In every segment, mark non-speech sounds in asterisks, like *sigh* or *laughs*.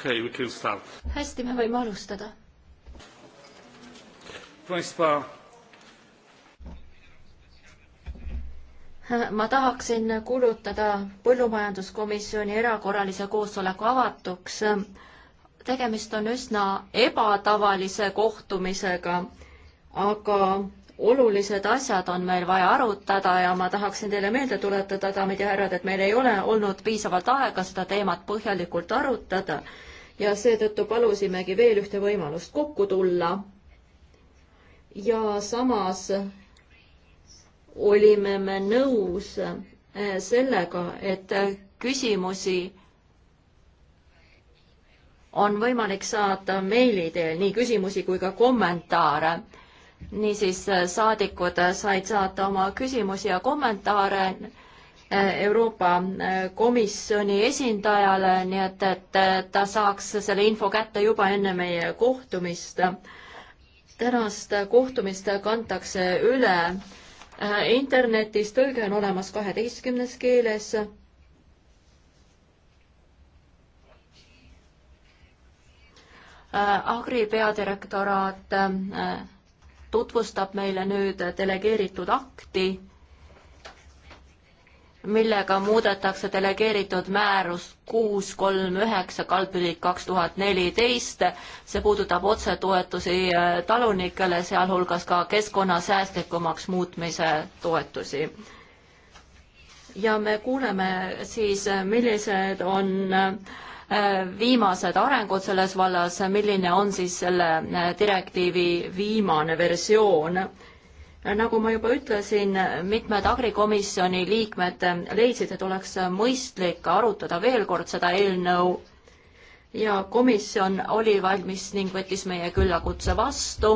okay, we can start. hästi, me võime alustada. ma tahaksin kuulutada põllumajanduskomisjoni erakorralise koosoleku avatuks. tegemist on üsna ebatavalise kohtumisega, aga olulised asjad on meil vaja arutada ja ma tahaksin teile meelde tuletada, daamid ja härrad, et meil ei ole olnud piisavalt aega seda teemat põhjalikult arutada ja seetõttu palusimegi veel ühte võimalust kokku tulla. ja samas olime me nõus eh, sellega, et küsimusi on võimalik saata meili teel, nii küsimusi kui ka kommentaare niisiis eh, saadikud said saata oma küsimusi ja kommentaare Euroopa äh, Komisjoni esindajale, nii et, et ta saaks selle info kätte juba enne meie kohtumist. tänast kohtumist kantakse üle äh, internetis, tõlge on olemas kaheteistkümnes keeles äh, Agri peadirektoraat tutvustab meile nüüd delegeeritud akti millega muudetakse delegeeritud määrust kuus kolm üheksa kaldpidi kaks tuhat neliteist. see puudutab otsetoetusi äh, talunikele, sealhulgas ka keskkonnasäästlikumaks muutmise toetusi. ja me kuuleme siis, äh, millised on äh, viimased arengud selles vallas, milline on siis selle direktiivi viimane versioon nagu ma juba ütlesin, mitmed agrikomisjoni liikmed leidsid, et oleks mõistlik arutada veel kord seda eelnõu ja komisjon oli valmis ning võttis meie küllakutse vastu.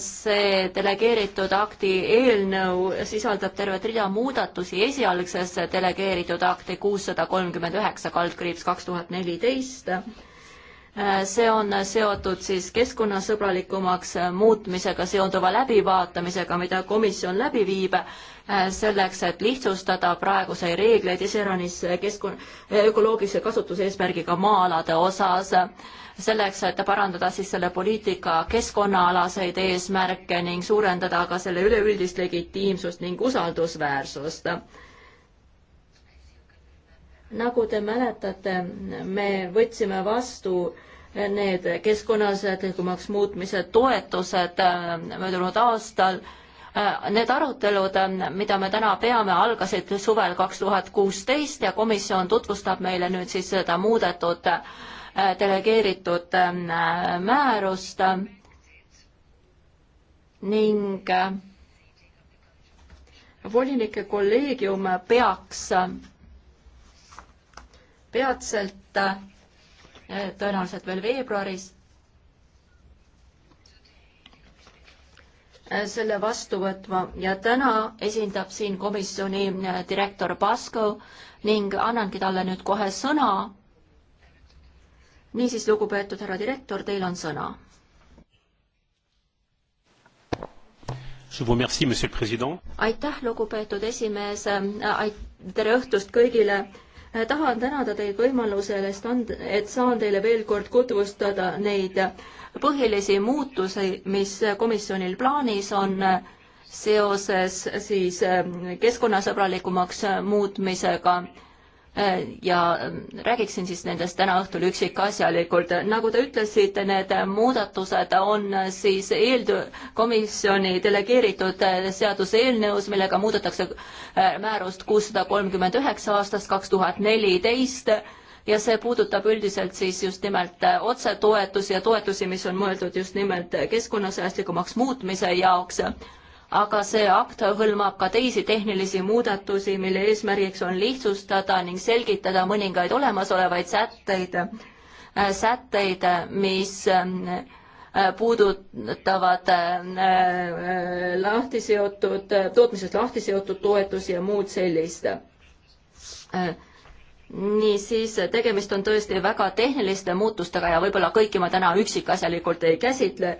see delegeeritud akti eelnõu sisaldab tervet rida muudatusi esialgsesse delegeeritud akti kuussada kolmkümmend üheksa kaldkriips kaks tuhat neliteist Äh, see on seotud siis keskkonnasõbralikumaks muutmisega seonduva läbivaatamisega, mida komisjon läbi viib, äh, selleks, et lihtsustada praeguseid reegleid iseäranis keskkon-, ökoloogilise kasutuse eesmärgiga maa-alade osas, selleks, et parandada siis selle poliitika keskkonnaalaseid eesmärke ning suurendada ka selle üleüldist legitiimsust ning usaldusväärsust nagu te mäletate, me võtsime vastu need keskkonnaseadlikumaks muutmise toetused äh, möödunud aastal. Äh, need arutelud, äh, mida me täna peame, algasid suvel kaks tuhat kuusteist ja komisjon tutvustab meile nüüd siis seda muudetud delegeeritud määrust ning volinike kolleegium peaks peatselt, äh, tõenäoliselt veel veebruaris. Äh, selle vastu võtma ja täna esindab siin komisjoni äh, direktor Basko ning annangi talle nüüd kohe sõna. niisiis, lugupeetud härra direktor, teil on sõna. aitäh, lugupeetud esimees, tere õhtust kõigile Äh, tahan tänada teid võimaluse eest, et saan teile veel kord tutvustada neid põhilisi muutusi, mis komisjonil plaanis on äh, seoses siis äh, keskkonnasõbralikumaks muutmisega Äh, ja ähm, räägiksin siis nendest täna õhtul üksikasjalikult. nagu te ütlesite, need muudatused on äh, siis eeltöö komisjoni delegeeritud äh, seaduseelnõus, millega muudetakse määrust kuussada kolmkümmend üheksa aastast kaks tuhat neliteist ja see puudutab üldiselt siis just nimelt otsetoetusi ja toetusi, mis on mõeldud just nimelt keskkonnasäästlikumaks muutmise jaoks aga see akt hõlmab ka teisi tehnilisi muudatusi, mille eesmärgiks on lihtsustada ning selgitada mõningaid olemasolevaid sätteid, äh, sätteid, mis ähm, äh, puudutavad äh, lahti seotud, tootmisest lahti seotud toetusi ja muud sellist niisiis, tegemist on tõesti väga tehniliste muutustega ja võib-olla kõiki ma täna üksikasjalikult ei käsitle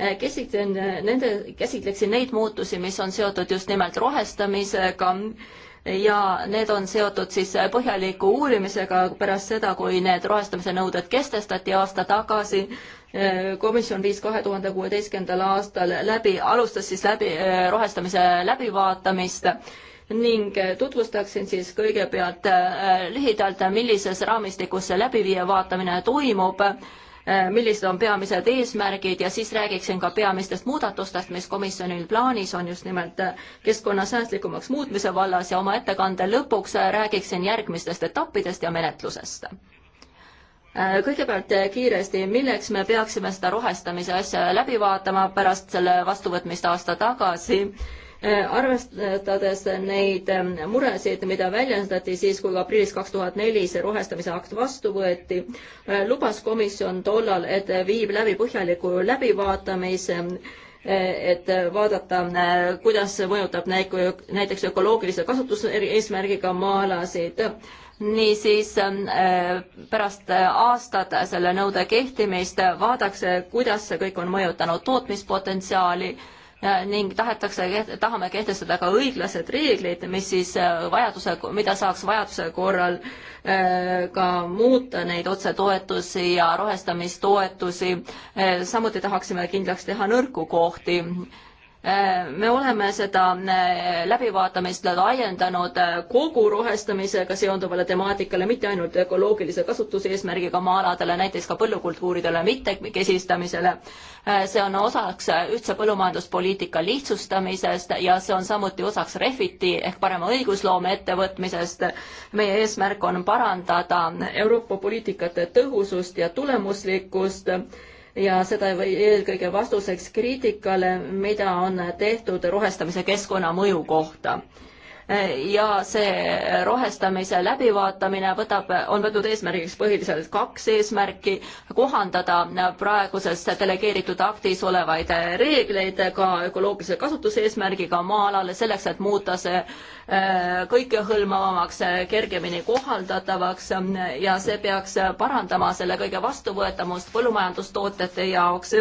Äh, käsitlen äh, nende, käsitleksin neid muutusi, mis on seotud just nimelt rohestamisega ja need on seotud siis põhjaliku uurimisega pärast seda, kui need rohestamise nõuded kestestati aasta tagasi. Äh, komisjon viis kahe tuhande kuueteistkümnendal aastal läbi, alustas siis läbi rohestamise läbivaatamist ning tutvustaksin siis kõigepealt lühidalt, millises raamistikus see läbiviija vaatamine toimub Äh, millised on peamised eesmärgid ja siis räägiksin ka peamistest muudatustest, mis komisjonil plaanis on just nimelt äh, keskkonna säästlikumaks muutmise vallas ja oma ettekande lõpuks äh, räägiksin järgmistest etappidest ja menetlusest. kõigepealt kiiresti, milleks me peaksime seda rohestamise asja läbi vaatama pärast selle vastuvõtmist aasta tagasi Äh, arvestades neid ähm, muresid, mida väljendati siis, kui aprillis kaks tuhat neli see rohestamise akt vastu võeti, äh, lubas komisjon tollal, et viib läbi põhjaliku läbivaatamise, äh, et vaadata, kuidas see mõjutab näiteks ökoloogilise kasutuseesmärgiga maalasid niisiis ähm, pärast aastat selle nõude kehtimist vaadakse, kuidas see kõik on mõjutanud tootmispotentsiaali ning tahetakse, tahame kehtestada ka õiglased reeglid, mis siis äh, vajaduse, mida saaks vajaduse korral äh, ka muuta, neid otsetoetusi ja rohestamistoetusi. Äh, samuti tahaksime kindlaks teha nõrku kohti Äh, me oleme seda äh, läbivaatamist laiendanud äh, kogu rohestamisega seonduvale temaatikale, mitte ainult ökoloogilise kasutuse eesmärgiga maa-aladele, näiteks ka põllukultuuridele mitmekesistamisele. see on osaks ühtse põllumajanduspoliitika lihtsustamisest ja see on samuti osaks Refiti ehk parema õigusloome ettevõtmisest. meie eesmärk on parandada Euroopa poliitikate tõhusust ja tulemuslikkust ja seda eelkõige vastuseks kriitikale, mida on tehtud rohestamise keskkonnamõju kohta ja see rohestamise läbivaatamine võtab, on võtnud eesmärgiks põhiliselt kaks eesmärki, kohandada praeguses delegeeritud aktis olevaid reegleid ka ökoloogilise kasutuse eesmärgiga maa-alale, selleks et muuta see äh, kõikehõlmavamaks, kergemini kohaldatavaks ja see peaks parandama selle kõige vastuvõetavust põllumajandustootjate jaoks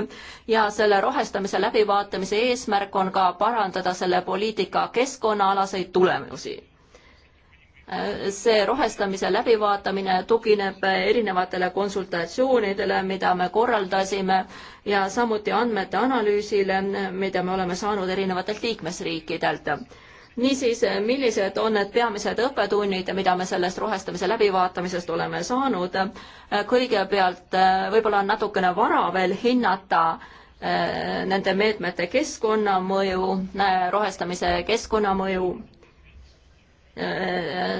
ja selle rohestamise läbivaatamise eesmärk on ka parandada selle poliitika keskkonnaalaseid tulemusi tulemusi see rohestamise läbivaatamine tugineb erinevatele konsultatsioonidele, mida me korraldasime ja samuti andmete analüüsile, mida me oleme saanud erinevatelt liikmesriikidelt. niisiis, millised on need peamised õppetunnid, mida me sellest rohestamise läbivaatamisest oleme saanud? kõigepealt võib-olla on natukene vara veel hinnata eh, nende meetmete keskkonnamõju, eh, rohestamise keskkonnamõju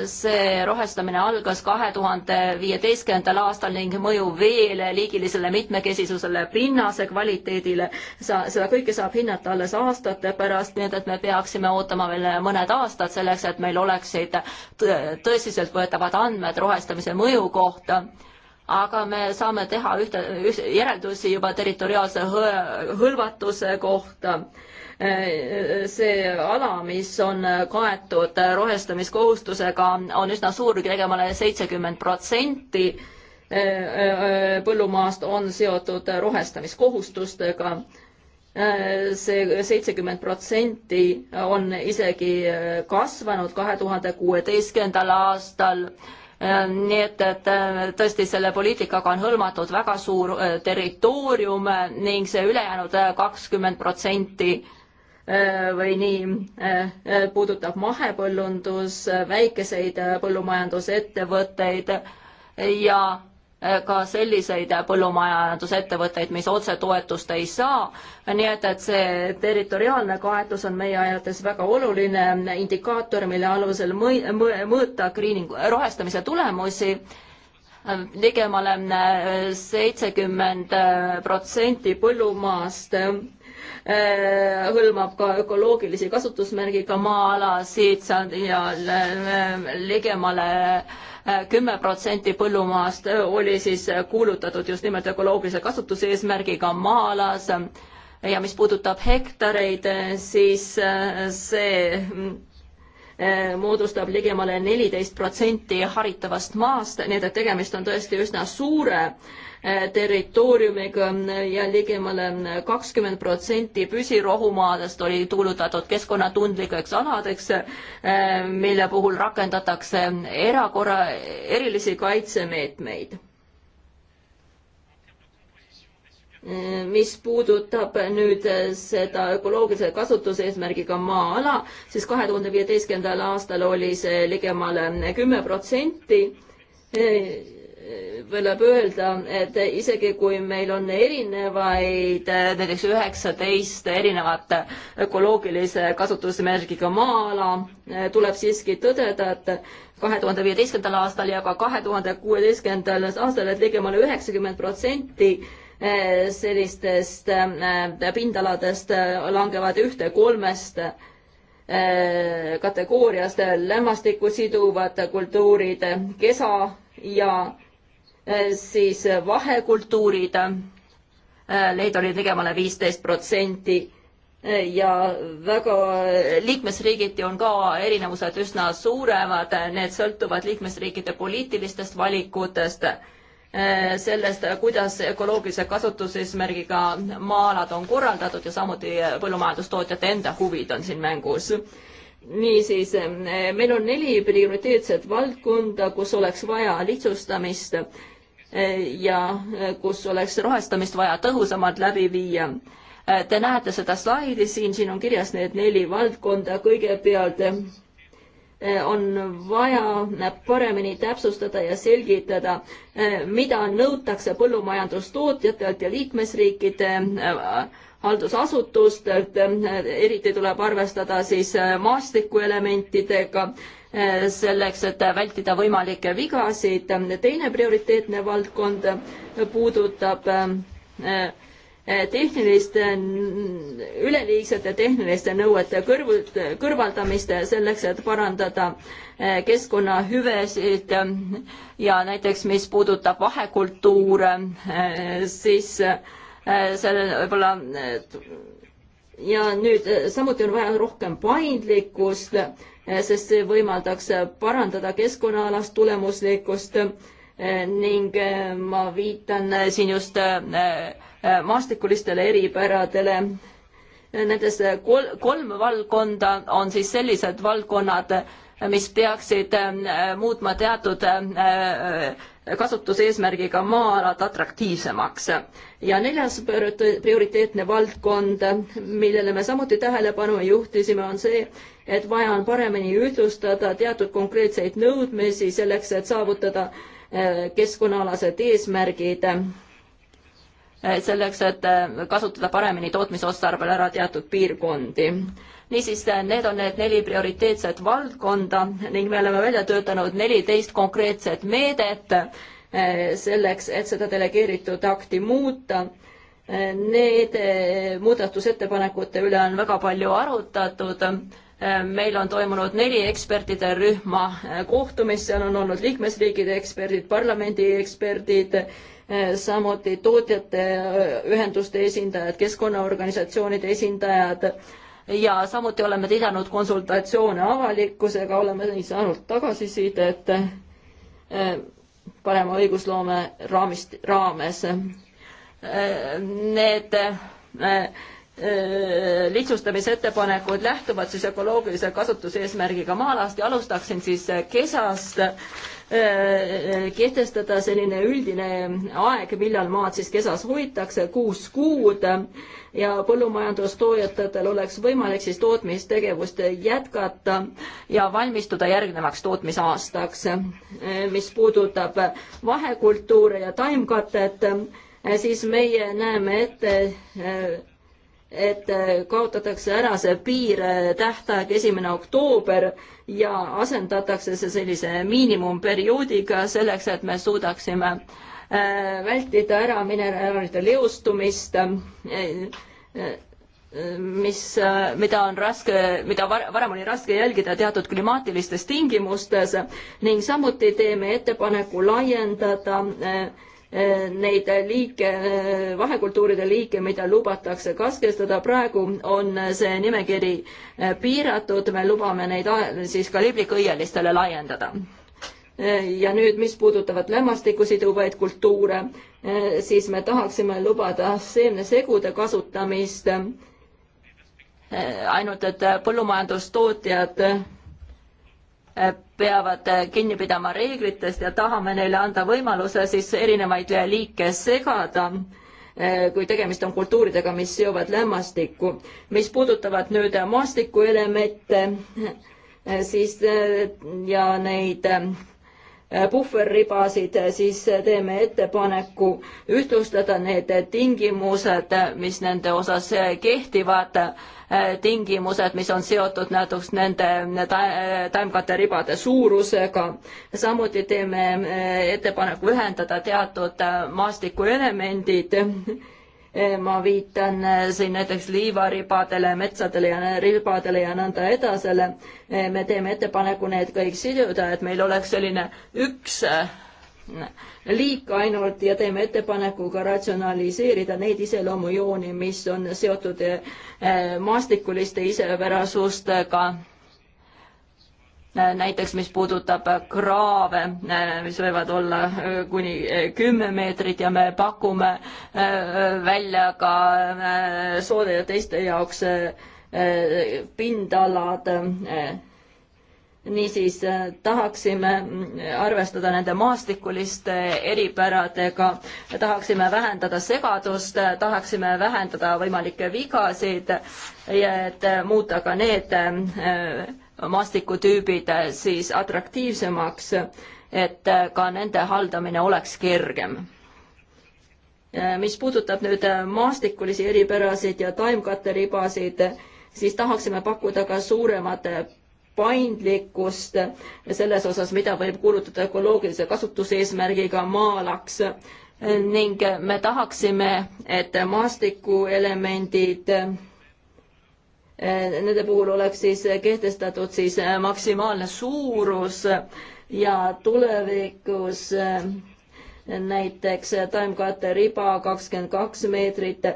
see rohestamine algas kahe tuhande viieteistkümnendal aastal ning mõju veele, liigilisele mitmekesisusele, pinnase kvaliteedile, sa, seda kõike saab hinnata alles aastate pärast, nii et, et me peaksime ootama veel mõned aastad selleks, et meil oleksid tõsiseltvõetavad andmed rohestamise mõju kohta aga me saame teha ühte, ühte järeldusi juba territoriaalse hõlvatuse kohta see ala, mis on kaetud rohestamiskohustusega, on üsna suur, ligemale seitsekümmend protsenti äh, äh, põllumaast on seotud rohestamiskohustustega äh, see seitsekümmend protsenti on isegi kasvanud kahe tuhande kuueteistkümnendal aastal. nii et, et tõesti selle poliitikaga on hõlmatud väga suur territoorium ning see ülejäänud kakskümmend protsenti Äh, või nii äh, äh, puudutab mahepõllundus, väikeseid põllumajandusettevõtteid ja ka selliseid põllumajandusettevõtteid, mis otsetoetust ei saa. nii et, et see territoriaalne kaetus on meie ajates väga oluline indikaator, mille alusel mõi-, mõ-, mõõta greening, rohestamise tulemusi ligemale seitsekümmend protsenti põllumaast Äh, hõlmab ka ökoloogilisi kasutusmärgiga maa-alasid ja äh, ligemale äh, kümme protsenti põllumaast oli siis kuulutatud just nimelt ökoloogilise kasutuse eesmärgiga maa-alas ja mis puudutab hektareid, siis see moodustab ligemale neliteist protsenti haritavast maast, nii et, et tegemist on tõesti üsna suure äh, Äh, territooriumiga ja ligemale kakskümmend protsenti püsirohumaadest oli tuulutatud keskkonnatundlikeks aladeks, äh, mille puhul rakendatakse erakorra, erilisi kaitsemeetmeid. mis puudutab nüüd seda ökoloogilise kasutuse eesmärgiga maa-ala, siis kahe tuhande viieteistkümnendal aastal oli see ligemale kümme protsenti tuleb öelda, et isegi kui meil on erinevaid, näiteks üheksateist erinevat ökoloogilise kasutusmärgiga maa-ala, tuleb siiski tõdeda, et kahe tuhande viieteistkümnendal aastal ja ka kahe tuhande kuueteistkümnendal aastal, et ligemale üheksakümmend protsenti eh, sellistest eh, pindaladest langevad ühte kolmest eh, kategooriast lämmastikku siduvad kultuurid, kesa ja Äh, siis äh, vahekultuurid, äh, neid oli ligemale viisteist protsenti ja väga liikmesriigiti on ka erinevused üsna suuremad, need sõltuvad liikmesriikide poliitilistest valikutest, sellest, kuidas ökoloogilise kasutuseesmärgiga maa-alad on korraldatud ja samuti põllumajandustootjate enda huvid on siin mängus niisiis, meil on neli prioriteetset valdkonda, kus oleks vaja lihtsustamist ja kus oleks rohestamist vaja tõhusamalt läbi viia. Te näete seda slaidi siin, siin on kirjas need neli valdkonda, kõigepealt eh, on vaja paremini täpsustada ja selgitada, eh, mida nõutakse põllumajandustootjatelt ja liikmesriikide eh, haldusasutustelt, eriti tuleb arvestada siis maastikuelementidega selleks, et vältida võimalikke vigasid. teine prioriteetne valdkond puudutab eh, eh, tehniliste, üleliigsete tehniliste nõuete kõrv, kõrvaldamist selleks, et parandada eh, keskkonnahüvesid ja näiteks, mis puudutab vahekultuure, siis selle võib-olla ja nüüd samuti on vaja rohkem paindlikkust Eh, sest see võimaldaks parandada keskkonnaalast tulemuslikkust eh, ning eh, ma viitan siin just maastikulistele eripäradele. Nendes kol-, kolm valdkonda on siis sellised valdkonnad, mis peaksid muutma teatud kasutuseesmärgiga maa-alad atraktiivsemaks. ja neljas prioriteetne valdkond, millele me samuti tähelepanu juhtisime, on see, et vaja on paremini ühtlustada teatud konkreetseid nõudmisi selleks, et saavutada eh, keskkonnaalased eesmärgid, eh, selleks, et eh, kasutada paremini tootmisotstarbel ära teatud piirkondi. niisiis, need on need neli prioriteetset valdkonda ning me oleme välja töötanud neliteist konkreetset meedet selleks, et seda delegeeritud akti muuta Need muudatusettepanekute üle on väga palju arutatud meil on toimunud neli ekspertide rühma äh, kohtumist, seal on olnud liikmesriigide eksperdid, parlamendi eksperdid, äh, samuti tootjate äh, ühenduste esindajad, keskkonnaorganisatsioonide esindajad ja samuti oleme pidanud konsultatsioone avalikkusega, oleme saanud tagasisidet parema õigusloome raamist, raames. Need lihtsustamisettepanekud lähtuvad siis ökoloogilise kasutuseesmärgiga maalast ja alustaksin siis eh, kesast eh, eh, kehtestada selline üldine aeg, millal maad siis kesas hoitakse, kuus kuud ja põllumajandustoojatel oleks võimalik siis tootmistegevust jätkata ja valmistuda järgnevaks tootmisaastaks. mis puudutab vahekultuure ja taimkatet, siis meie näeme ette et äh, kaotatakse ära see piir, tähtaeg esimene oktoober ja asendatakse see sellise miinimumperioodiga selleks, et me suudaksime äh, vältida ära mineraalide leostumist, äh, mis, mida on raske, mida var, varem oli raske jälgida teatud klimaatilistes tingimustes ning samuti teeme ettepaneku laiendada äh, neid liike, vahekultuuride liike, mida lubatakse katkestada, praegu on see nimekiri eh, piiratud, me lubame neid ah, siis ka liblikõielistele laiendada eh, ja nüüd, mis puudutavad lämmastikku siduvaid kultuure, eh, siis me tahaksime lubada seemnesegude kasutamist. ainult et põllumajandustootjad peavad kinni pidama reeglitest ja tahame neile anda võimaluse siis erinevaid liike segada kui tegemist on kultuuridega, mis seovad lämmastikku. mis puudutavad nüüd maastikuelemente, siis ja neid Äh, puhverribasid, äh, siis äh, teeme ettepaneku ühtlustada need tingimused, mis nende osas kehtivad, tingimused, mis on seotud näiteks nende taimkate ribade suurusega. samuti teeme ettepaneku ühendada teatud maastikuelemendid *laughs* ma viitan eh, siin näiteks liivaribadele, metsadele ja ribadele ja nõnda edasele. Eh, me teeme ettepaneku need kõik siduda, et meil oleks selline üks eh, liik ainult ja teeme ettepaneku ka ratsionaliseerida neid iseloomujooni, mis on seotud maastikuliste isepärasustega näiteks mis puudutab kraave, mis võivad olla äh, kuni äh, kümme meetrit ja me pakume äh, välja ka soode ja teiste jaoks pindalad. niisiis tahaksime arvestada nende maastikuliste eripäradega, tahaksime vähendada segadust, tahaksime vähendada võimalikke vigasid, et muuta ka need maastikutüübid eh, siis atraktiivsemaks, et eh, ka nende haldamine oleks kergem. Eh, mis puudutab nüüd maastikulisi eripärasid ja taimkattelibasid, siis tahaksime pakkuda ka suuremat paindlikkust selles osas, mida võib kuulutada ökoloogilise kasutuseesmärgiga maalaks ning me tahaksime, et maastikuelemendid Eh, nende puhul oleks siis kehtestatud siis eh, maksimaalne suurus ja tulevikus eh, näiteks taimkatte riba kakskümmend kaks meetrit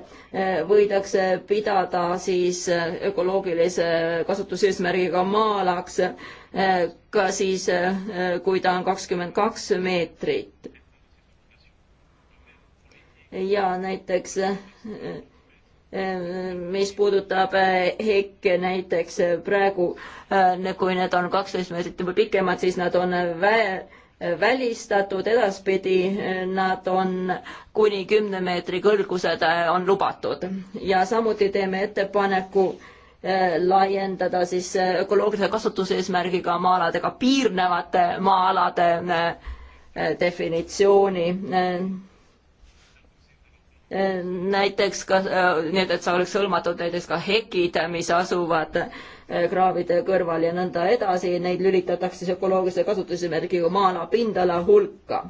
võidakse pidada siis ökoloogilise kasutuseesmärgiga maalaks ka siis, kui ta on kakskümmend kaks meetrit. ja näiteks Ehm, mis puudutab eh, hekke näiteks eh, praegu, eh, kui need on kaksteist meetrit või pikemad, siis nad on väe, välistatud, edaspidi nad on kuni kümne meetri kõrgused on lubatud ja samuti teeme ettepaneku laiendada siis ökoloogilise kasutuseesmärgiga maa-aladega piirnevate maa-alade definitsiooni näiteks ka äh, nii, et oleks hõlmatud näiteks ka hekid, mis asuvad äh, kraavide kõrval ja nõnda edasi, neid lülitatakse siis ökoloogilise kasutuseesmärgiga maa-ala pindala hulka.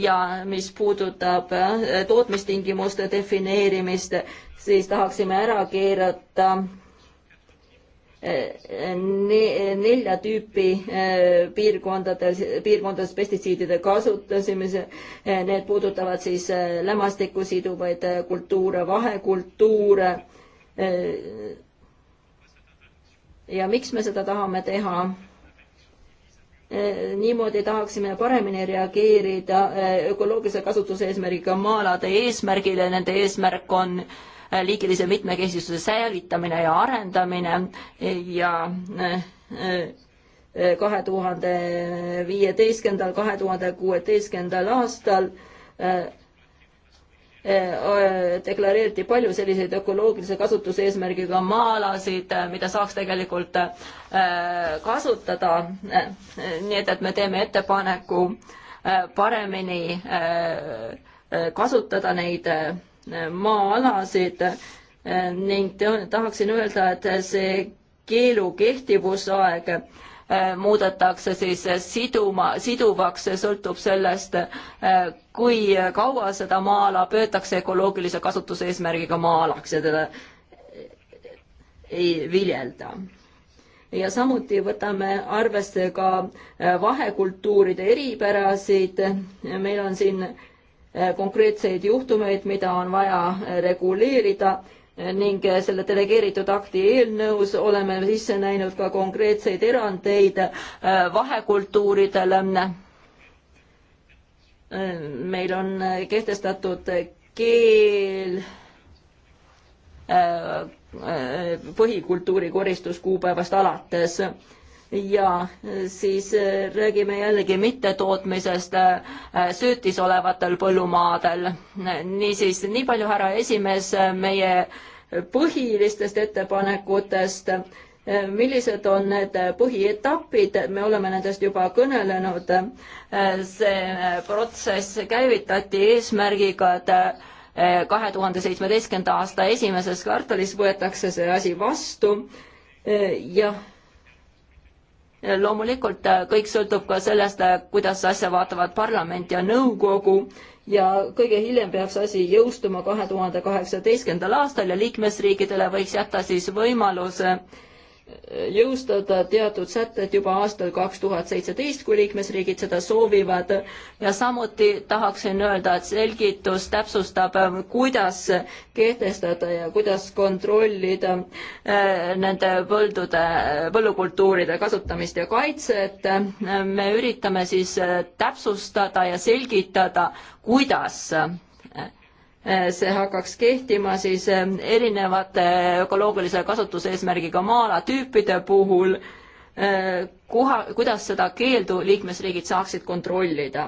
ja mis puudutab äh, tootmistingimuste defineerimist, siis tahaksime ära keerata nelja tüüpi eh, piirkondades, piirkondades pestitsiidide kasutamise. Eh, need puudutavad siis eh, lämmastikku siduvaid kultuure, vahekultuure. ja miks me seda tahame teha? niimoodi tahaksime paremini reageerida ökoloogilise kasutuse eesmärgiga maa-alade eesmärgile, nende eesmärk on äh, liigilise mitmekesisuse säilitamine ja arendamine ja eh, eh, kahe tuhande viieteistkümnendal, kahe tuhande kuueteistkümnendal aastal eh, deklareeriti palju selliseid ökoloogilise kasutuse eesmärgiga maa-alasid, mida saaks tegelikult kasutada. nii et, et me teeme ettepaneku paremini kasutada neid maa-alasid ning tahaksin öelda, et see keelu kehtivusaeg äh, muudetakse siis siduma, siduvaks, see sõltub sellest, äh, kui kaua seda maa-ala peetakse ökoloogilise kasutuse eesmärgiga maa-alaks ja teda ei viljelda ja samuti võtame arvesse ka äh, vahekultuuride eripärasid. meil on siin Äh, konkreetseid juhtumeid, mida on vaja äh, reguleerida äh, ning selle delegeeritud akti eelnõus oleme sisse näinud ka konkreetseid erandeid vahekultuuridele. meil on kehtestatud keel põhikultuuri koristuskuupäevast alates ja eh, siis eh, räägime jällegi mittetootmisest eh, söötis olevatel põllumaadel. niisiis, nii palju, härra esimees, meie põhilistest ettepanekutest millised on need põhietapid, me oleme nendest juba kõnelenud. see protsess käivitati eesmärgiga, et kahe tuhande seitsmeteistkümnenda aasta esimeses kvartalis võetakse see asi vastu. jah, loomulikult äh, kõik sõltub ka sellest, äh, kuidas asja vaatavad parlament ja nõukogu ja kõige hiljem peaks asi jõustuma kahe tuhande kaheksateistkümnendal aastal ja liikmesriikidele võiks jätta siis võimaluse äh, jõustada teatud sätted juba aastal kaks tuhat seitseteist, kui liikmesriigid seda soovivad. ja samuti tahaksin öelda, et selgitus täpsustab, kuidas kehtestada ja kuidas kontrollida äh, nende põldude, põllukultuuride kasutamist ja kaitset. me üritame siis täpsustada ja selgitada, kuidas Äh, see hakkaks kehtima siis äh, erinevate ökoloogilise kasutuseesmärgiga maalatüüpide puhul, äh, kuha, kuidas seda keeldu liikmesriigid saaksid kontrollida.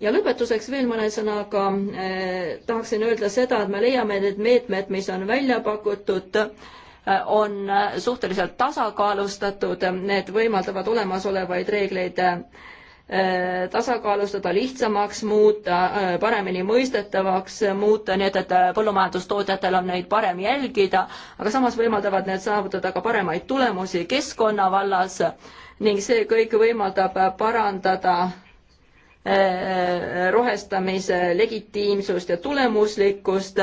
ja lõpetuseks veel mõne sõnaga eh, tahaksin öelda seda, et me leiame need meetmed, mis on välja pakutud, on suhteliselt tasakaalustatud, need võimaldavad olemasolevaid reegleid eh, Äh, tasakaalustada, lihtsamaks muuta, äh, paremini mõistetavaks muuta, nii et, et äh, põllumajandustootjatel on neid parem jälgida, aga samas võimaldavad need saavutada ka paremaid tulemusi keskkonna vallas ning see kõik võimaldab parandada rohestamise legitiimsust ja tulemuslikkust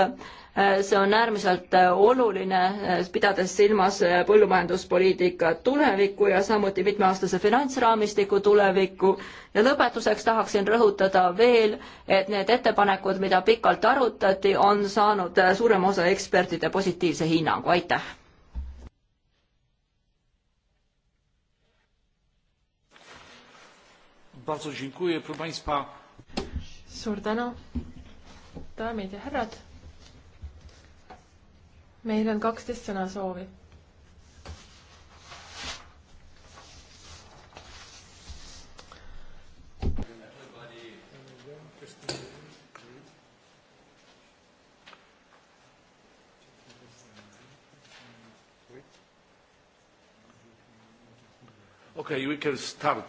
see on äärmiselt äh, oluline, äh, pidades silmas äh, põllumajanduspoliitika tulevikku ja samuti mitmeaastase finantsraamistiku tulevikku. ja lõpetuseks tahaksin rõhutada veel, et need ettepanekud, mida pikalt arutati, on saanud suurema osa ekspertide positiivse hinnangu, aitäh. suur tänu, daamid ja härrad meil on kaksteist sõnasoovi. okei okay,, we can start.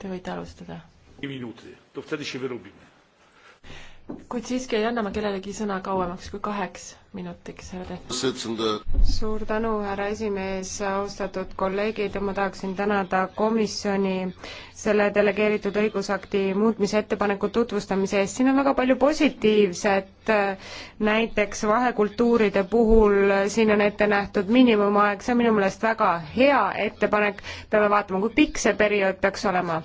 Te võite alustada. minuti, to wtedy się wyrobimy kuid siiski ei anna ma kellelegi sõna kauemaks kui kaheks minutiks, härra Tehv. suur tänu, härra esimees, austatud kolleegid, ma tahaksin tänada komisjoni selle delegeeritud õigusakti muutmise ettepaneku tutvustamise eest, siin on väga palju positiivset, näiteks vahekultuuride puhul siin on ette nähtud miinimumaeg, see on minu meelest väga hea ettepanek, peame vaatama, kui pikk see periood peaks olema.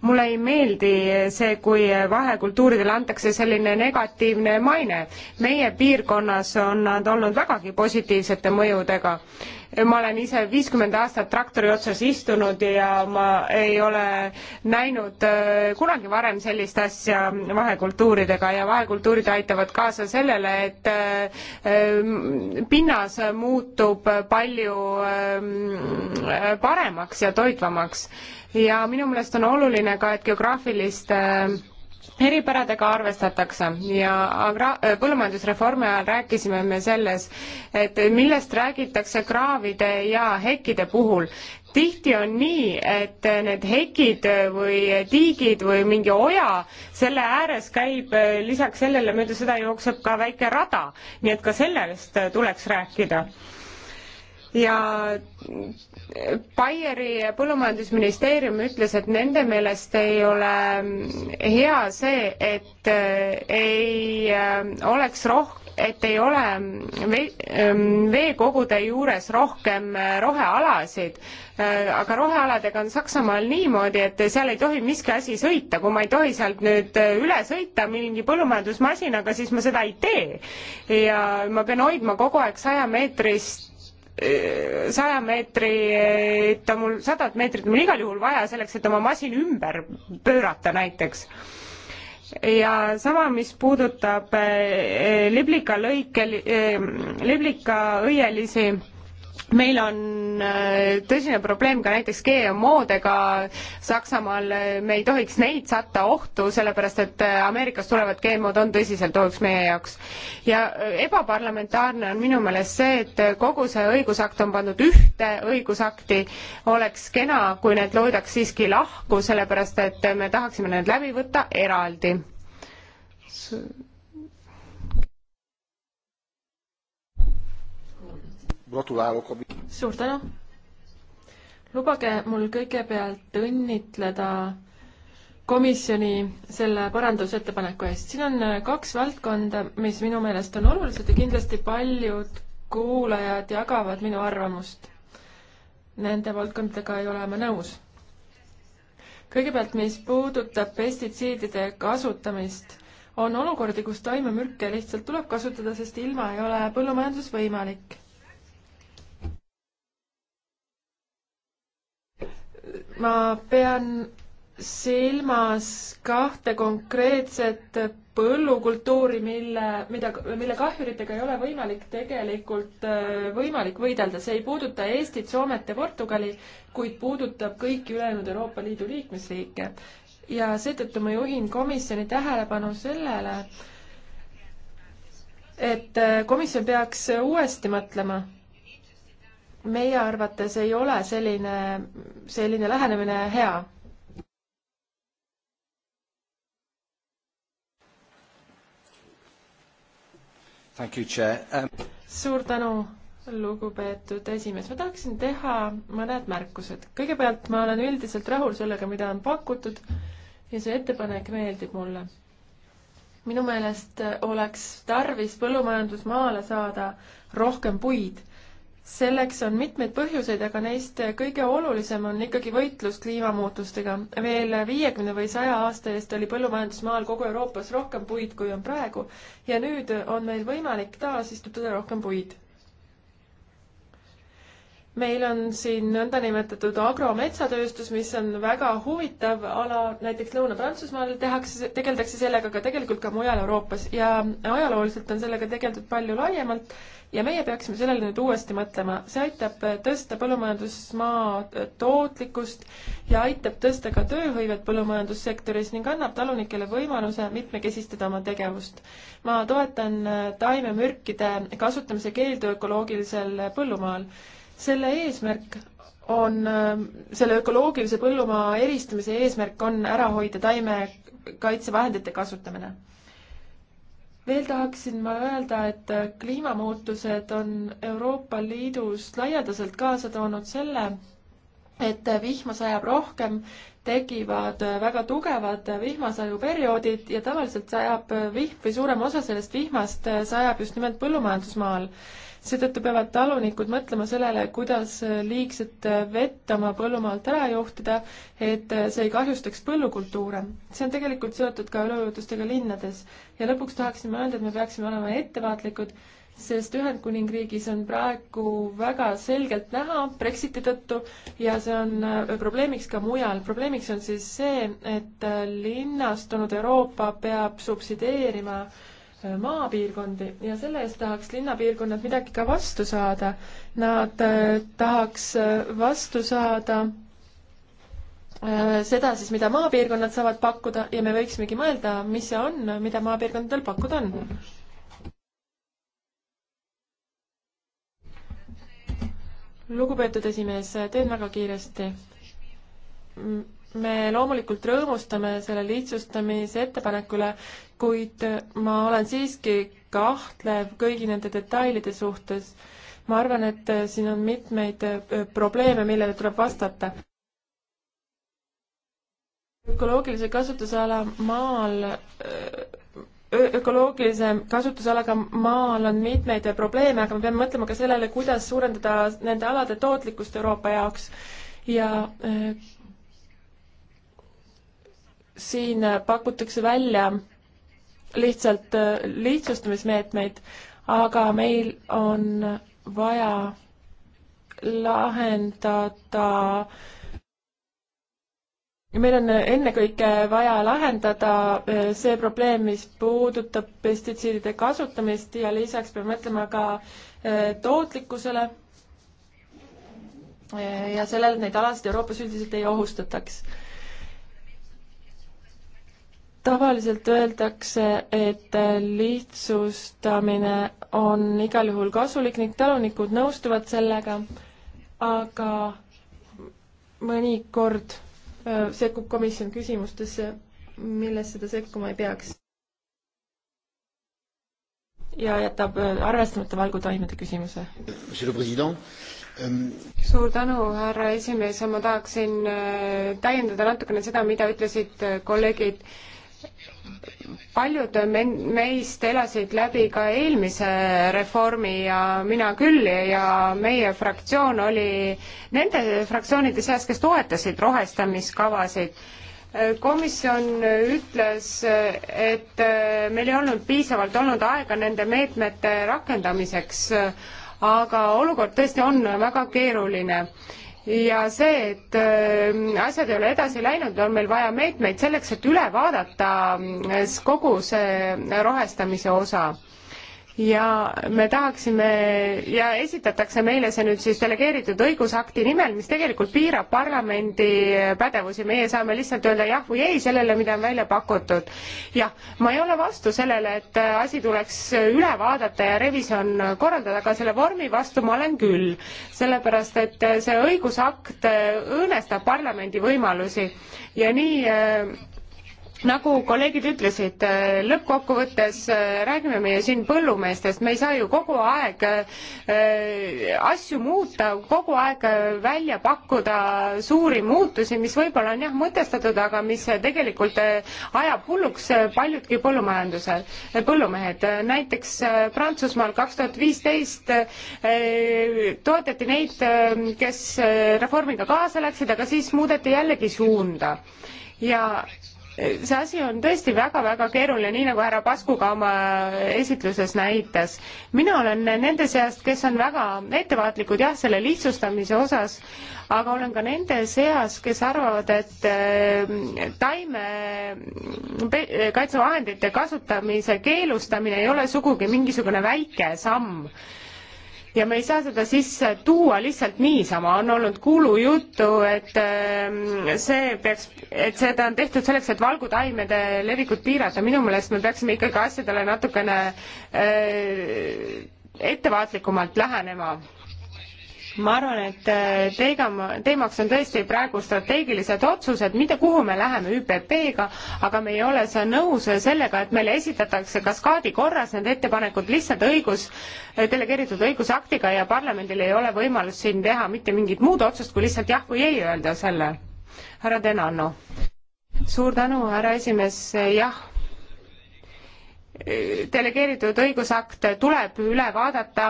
mulle ei meeldi see, kui vahekultuuridele antakse selline negatiivne maine, meie piirkonnas on nad olnud vägagi positiivsete mõjudega. ma olen ise viiskümmend aastat traktori otsas istunud ja ma ei ole näinud äh, kunagi varem sellist asja vahekultuuridega ja vahekultuurid aitavad kaasa sellele, et äh, äh, pinnas muutub palju paremaks ja toitvamaks ja minu meelest on oluline ka, et geograafiliste eripäradega arvestatakse ja agra-, äh, põllumajandusreformi ajal rääkisime me selles, et millest räägitakse kraavide ja hekkide puhul. tihti on nii, et need hekid või tiigid või mingi oja, selle ääres käib äh, lisaks sellele, mööda seda jookseb ka väike rada, nii et ka sellest tuleks rääkida ja Baieri põllumajandusministeerium ütles, et nende meelest ei ole hea see, et äh, ei äh, oleks rohkem et ei ole vee, ähm, veekogude juures rohkem äh, rohealasid, aga rohealadega on Saksamaal niimoodi, et seal ei tohi miski asi sõita, kui ma ei tohi sealt nüüd üle sõita mingi põllumajandusmasinaga, siis ma seda ei tee. ja ma pean hoidma kogu aeg sajameetrist saja meetrit on mul, sadat meetrit on mul igal juhul vaja selleks, et oma masin ümber pöörata näiteks. ja sama, mis puudutab eh, liblika lõike, eh, liblika õielisi meil on äh, tõsine probleem ka näiteks GMO-dega Saksamaal, me ei tohiks neid satta ohtu, sellepärast et äh, Ameerikast tulevad GMO-d on tõsiselt ohuks meie jaoks. ja äh, ebaparlamentaarne on minu meelest see, et kogu see õigusakt on pandud ühte õigusakti, oleks kena, kui need loodaks siiski lahku, sellepärast et me tahaksime need läbi võtta eraldi. gratulálok. suur tänu. lubage mul kõigepealt õnnitleda komisjoni selle parandusettepaneku eest. siin on äh, kaks valdkonda, mis minu meelest on olulised ja kindlasti paljud kuulajad jagavad minu arvamust. Nende valdkondadega ei ole ma nõus. kõigepealt, mis puudutab pestitsiidide kasutamist, on olukordi, kus taimemürke lihtsalt tuleb kasutada, sest ilma ei ole põllumajandus võimalik ma pean silmas kahte konkreetset põllukultuuri, mille, mida, mille kahjuritega ei ole võimalik tegelikult äh, võimalik võidelda. see ei puuduta Eestit, Soomet ja Portugali, kuid puudutab kõiki ülejäänud Euroopa Liidu liikmesriike. ja seetõttu ma juhin komisjoni tähelepanu sellele, et äh, komisjon peaks uuesti mõtlema meie arvates ei ole selline, selline lähenemine hea Thank you, Chair. Um... suur tänu, lugupeetud esimees. ma tahaksin teha mõned märkused. kõigepealt ma olen üldiselt rahul sellega, mida on pakutud ja see ettepanek meeldib mulle. minu meelest oleks tarvis põllumajandusmaale saada rohkem puid selleks on mitmeid põhjuseid, aga neist kõige olulisem on ikkagi võitlus kliimamuutustega. veel viiekümne või saja aasta eest oli põllumajandusmaal kogu Euroopas rohkem puid, kui on praegu ja nüüd on meil võimalik taas istutada rohkem puid. meil on siin nõndanimetatud agrometsatööstus, mis on väga huvitav ala, näiteks Lõuna-Prantsusmaal tehakse, tegeldakse sellega, aga tegelikult ka mujal Euroopas ja ajalooliselt on sellega tegeldud palju laiemalt ja meie peaksime sellele nüüd uuesti mõtlema. see aitab tõsta põllumajandusmaa tootlikkust ja aitab tõsta ka tööhõivet põllumajandussektoris ning annab talunikele võimaluse mitmekesistada oma tegevust. ma toetan taimemürkide kasutamise keeldu ökoloogilisel põllumaal. selle eesmärk on, selle ökoloogilise põllumaa eristamise eesmärk on ära hoida taimekaitsevahendite kasutamine veel tahaksin ma öelda, et kliimamuutused on Euroopa Liidus laialdaselt kaasa toonud selle, et vihma sajab rohkem, tekivad väga tugevad vihmasajuperioodid ja tavaliselt sajab vihm või suurem osa sellest vihmast sajab just nimelt põllumajandusmaal seetõttu peavad talunikud mõtlema sellele, kuidas liigset vett oma põllumaalt ära juhtida, et see ei kahjustaks põllukultuure. see on tegelikult seotud ka üleujutustega linnades. ja lõpuks tahaksin ma öelda, et me peaksime olema ettevaatlikud, sest Ühendkuningriigis on praegu väga selgelt näha Brexiti tõttu ja see on äh, probleemiks ka mujal. probleemiks on siis see, et äh, linnastunud Euroopa peab subsideerima äh, maapiirkondi ja selle eest tahaks linnapiirkonnad midagi ka vastu saada. Nad äh, tahaks äh, vastu saada äh, seda siis, mida maapiirkonnad saavad pakkuda ja me võiksimegi mõelda, mis see on, mida maapiirkondadel pakkuda on. lugupeetud esimees, teen väga kiiresti mm me loomulikult rõõmustame selle lihtsustamise ettepaneku üle, kuid ma olen siiski kahtlev kõigi nende detailide suhtes. ma arvan, et siin on mitmeid äh, probleeme, millele tuleb vastata. ökoloogilise kasutusala maal äh, ökoloogilise kasutusalaga maal on mitmeid äh, probleeme, aga me peame mõtlema ka sellele, kuidas suurendada nende alade tootlikkust Euroopa jaoks ja siin pakutakse välja lihtsalt äh, lihtsustamismeetmeid, aga meil on vaja lahendada meil on ennekõike vaja lahendada äh, see probleem, mis puudutab pestitsiidide kasutamist ja lisaks peab mõtlema ka äh, tootlikkusele ja sellele, et neid alasid Euroopas üldiselt ei ohustataks tavaliselt öeldakse, et lihtsustamine on igal juhul kasulik ning talunikud nõustuvad sellega, aga mõnikord äh, sekkub komisjon küsimustesse, milles seda sekkuma ei peaks. ja jätab äh, arvestamata valgutaimede küsimuse. Ähm, suur tänu, härra esimees, ma tahaksin äh, täiendada natukene seda, mida ütlesid kolleegid paljud meist elasid läbi ka eelmise reformi ja mina küll ja meie fraktsioon oli nende fraktsioonide seas, kes toetasid rohestamiskavasid. komisjon ütles, et meil ei olnud piisavalt olnud aega nende meetmete rakendamiseks, aga olukord tõesti on väga keeruline ja see, et ähm, asjad ei ole edasi läinud, on meil vaja meetmeid selleks, et üle vaadata ähm, kogu see rohestamise osa ja me tahaksime ja esitatakse meile see nüüd siis delegeeritud õigusakti nimel, mis tegelikult piirab parlamendi pädevusi, meie saame lihtsalt öelda jah või ei sellele, mida on välja pakutud. jah, ma ei ole vastu sellele, et asi tuleks üle vaadata ja revisjon korraldada, aga selle vormi vastu ma olen küll, sellepärast et see õigusakt õõnestab parlamendi võimalusi ja nii äh, nagu kolleegid ütlesid, äh, lõppkokkuvõttes äh, räägime meie siin põllumeestest, me ei saa ju kogu aeg äh, asju muuta, kogu aeg välja pakkuda suuri muutusi, mis võib-olla on jah mõtestatud, aga mis tegelikult ajab hulluks paljudki põllumajandusel, põllumehed. näiteks Prantsusmaal kaks tuhat viisteist toetati neid, kes reformiga kaasa läksid, aga siis muudeti jällegi suunda ja see asi on tõesti väga-väga keeruline, nii nagu härra Pasku ka oma esitluses näitas. mina olen nende seast, kes on väga ettevaatlikud jah, selle lihtsustamise osas, aga olen ka nende seas, kes arvavad, et äh, taimekaitsevahendite kasutamise keelustamine ei ole sugugi mingisugune väike samm ja me ei saa seda sisse tuua lihtsalt niisama, on olnud kuulujuttu, et ähm, see peaks, et seda on tehtud selleks, et valgutaimede levikut piirata, minu meelest me peaksime ikkagi asjadele natukene äh, ettevaatlikumalt lähenema ma arvan, et äh, teema, teemaks on tõesti praegu strateegilised otsused, mida, kuhu me läheme ÜPP-ga, aga me ei ole nõus sellega, et meile esitatakse kaskaadi korras need ettepanekud lihtsalt õigus, äh, delegeeritud õigusaktiga ja parlamendil ei ole võimalust siin teha mitte mingit muud otsust, kui lihtsalt jah või ei öelda selle. härra Denano. suur tänu, härra esimees, jah delegeeritud õigusakt tuleb üle vaadata,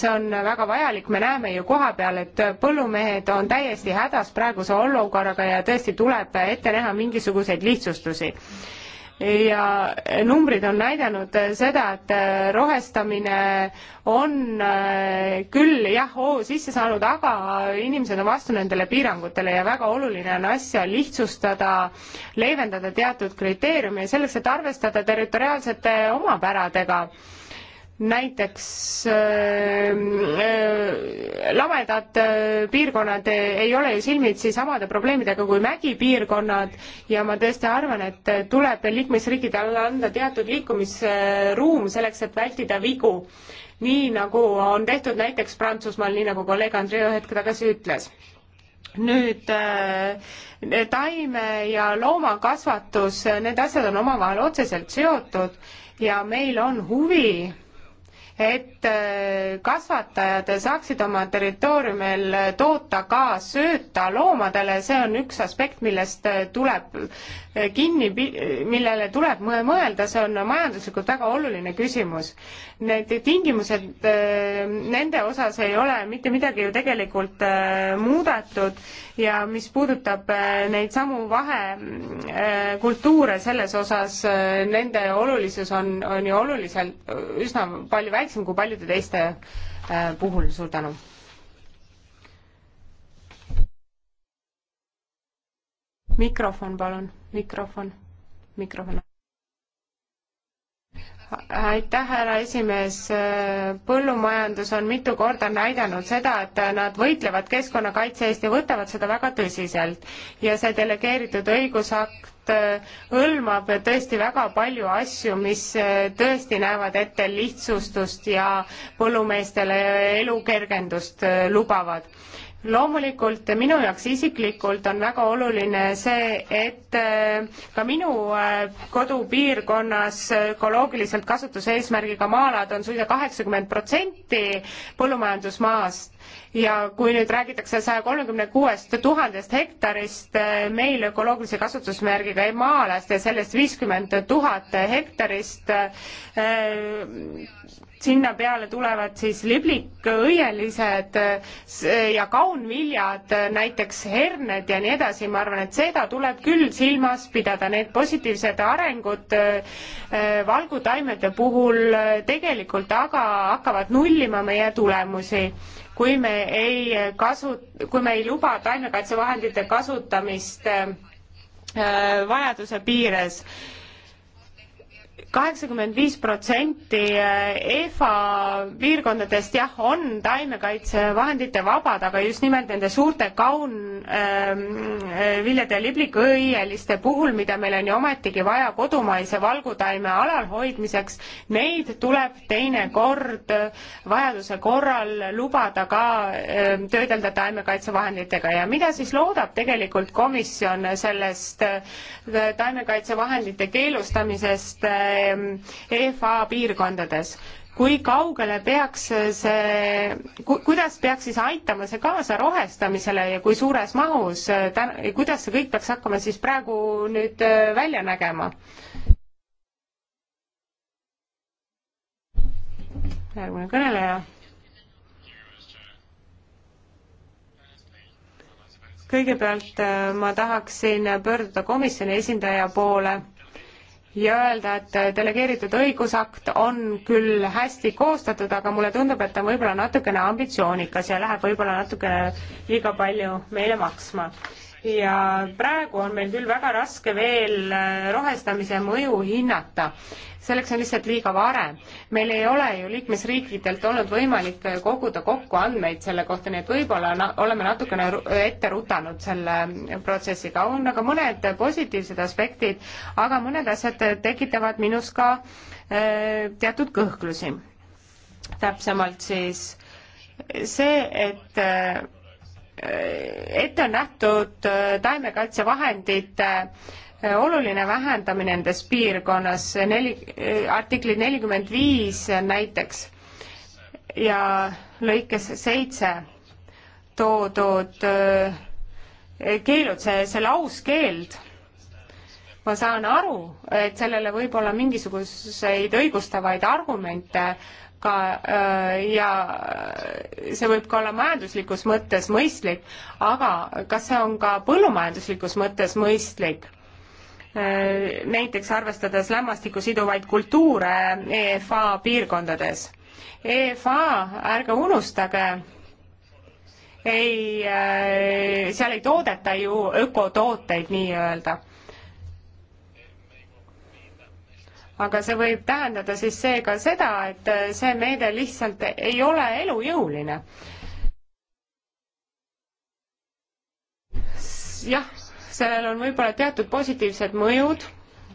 see on väga vajalik, me näeme ju koha peal, et põllumehed on täiesti hädas praeguse olukorraga ja tõesti tuleb ette näha mingisuguseid lihtsustusi ja numbrid on näidanud seda, et äh, rohestamine on äh, küll jah, hoo sisse saanud, aga inimesed on vastu nendele piirangutele ja väga oluline on asja lihtsustada, leevendada teatud kriteeriume ja selleks, et arvestada territoriaalsete omapäradega näiteks äh, äh, lamedad äh, piirkonnad äh, ei ole ju silmitsi samade probleemidega kui mägipiirkonnad ja ma tõesti arvan, et äh, tuleb liikmesriikidele anda teatud liikumisruum selleks, et vältida vigu. nii nagu on tehtud näiteks Prantsusmaal, nii nagu kolleeg Andrei hetk tagasi ütles nüüd äh, taime ja loomakasvatus, need asjad on omavahel otseselt seotud ja meil on huvi et äh, kasvatajad saaksid oma territooriumil toota ka sööta loomadele, see on üks aspekt, millest äh, tuleb äh, kinni, millele tuleb mõelda, see on majanduslikult väga oluline küsimus. Need tingimused nende osas ei ole mitte midagi ju tegelikult muudetud ja mis puudutab neid samu vahekultuure selles osas, nende olulisus on, on ju oluliselt üsna palju väiksem, rääkisin kui paljude teiste äh, puhul, suur tänu. mikrofon, palun, mikrofon, mikrofon. aitäh, härra esimees. põllumajandus on mitu korda näidanud seda, et nad võitlevad keskkonnakaitse eest ja võtavad seda väga tõsiselt ja see delegeeritud õigusakt raport äh, hõlmab tõesti väga palju asju, mis äh, tõesti näevad ette lihtsustust ja põllumeestele elukergendust äh, lubavad loomulikult minu jaoks isiklikult on väga oluline see, et ka minu kodupiirkonnas ökoloogiliselt kasutuse eesmärgiga maalad on suisa kaheksakümmend protsenti põllumajandusmaast ja kui nüüd räägitakse saja kolmekümne kuuest tuhandest hektarist eh, meil ökoloogilise kasutusmärgiga maa-alast ja sellest viiskümmend tuhat hektarist eh, sinna peale tulevad siis liblikõielised eh, ja kaunviljad, näiteks herned ja nii edasi, ma arvan, et seda tuleb küll silmas pidada, need positiivsed arengud valgutaimede puhul tegelikult aga hakkavad nullima meie tulemusi kui me ei kasu, kui me ei luba taimekaitsevahendite kasutamist äh, vajaduse piires kaheksakümmend viis protsenti äh, EFA piirkondadest jah, on taimekaitsevahendite vabad, aga just nimelt nende suurte kaunviljade ähm, äh, liblikõieliste puhul, mida meil on ju ometigi vaja kodumaise valgutaime alal hoidmiseks, neid tuleb teinekord äh, vajaduse korral lubada ka äh, töödelda taimekaitsevahenditega ja mida siis loodab tegelikult komisjon sellest äh, taimekaitsevahendite keelustamisest äh, EFA eh, piirkondades kui kaugele peaks see, kuidas peaks siis aitama see kaasa rohestamisele ja kui suures mahus, eh, kuidas see kõik peaks hakkama siis praegu nüüd eh, välja nägema? järgmine kõneleja. kõigepealt ma tahaksin pöörduda komisjoni esindaja poole ja öelda, et äh, delegeeritud õigusakt on küll hästi koostatud, aga mulle tundub, et ta on võib-olla natukene ambitsioonikas ja läheb võib-olla natukene liiga palju meile maksma ja praegu on meil küll väga raske veel äh, rohestamise mõju hinnata. selleks on lihtsalt liiga vare. meil ei ole ju liikmesriikidelt olnud võimalik äh, koguda kokku andmeid selle kohta, nii et võib-olla na oleme natukene ette rutanud selle äh, protsessiga. on aga mõned positiivsed aspektid, aga mõned asjad tekitavad minus ka äh, teatud kõhklusi. täpsemalt siis see, et äh, ette on nähtud äh, taimekaitsevahendite äh, oluline vähendamine nendes piirkonnas, neli, äh, artiklid nelikümmend viis näiteks ja lõikes seitse toodud keelud, see, see lauskeeld, ma saan aru, et sellele võib olla mingisuguseid õigustavaid argumente äh, ka äh, ja see võib ka olla majanduslikus mõttes mõistlik, aga kas see on ka põllumajanduslikus mõttes mõistlik? Äh, näiteks arvestades lämmastikku siduvaid kultuure EFA piirkondades. EFA, ärge unustage, ei, äh, seal ei toodeta ju ökotooteid nii-öelda aga see võib tähendada siis seega seda, et äh, see meede lihtsalt ei ole elujõuline. jah, sellel on võib-olla teatud positiivsed mõjud,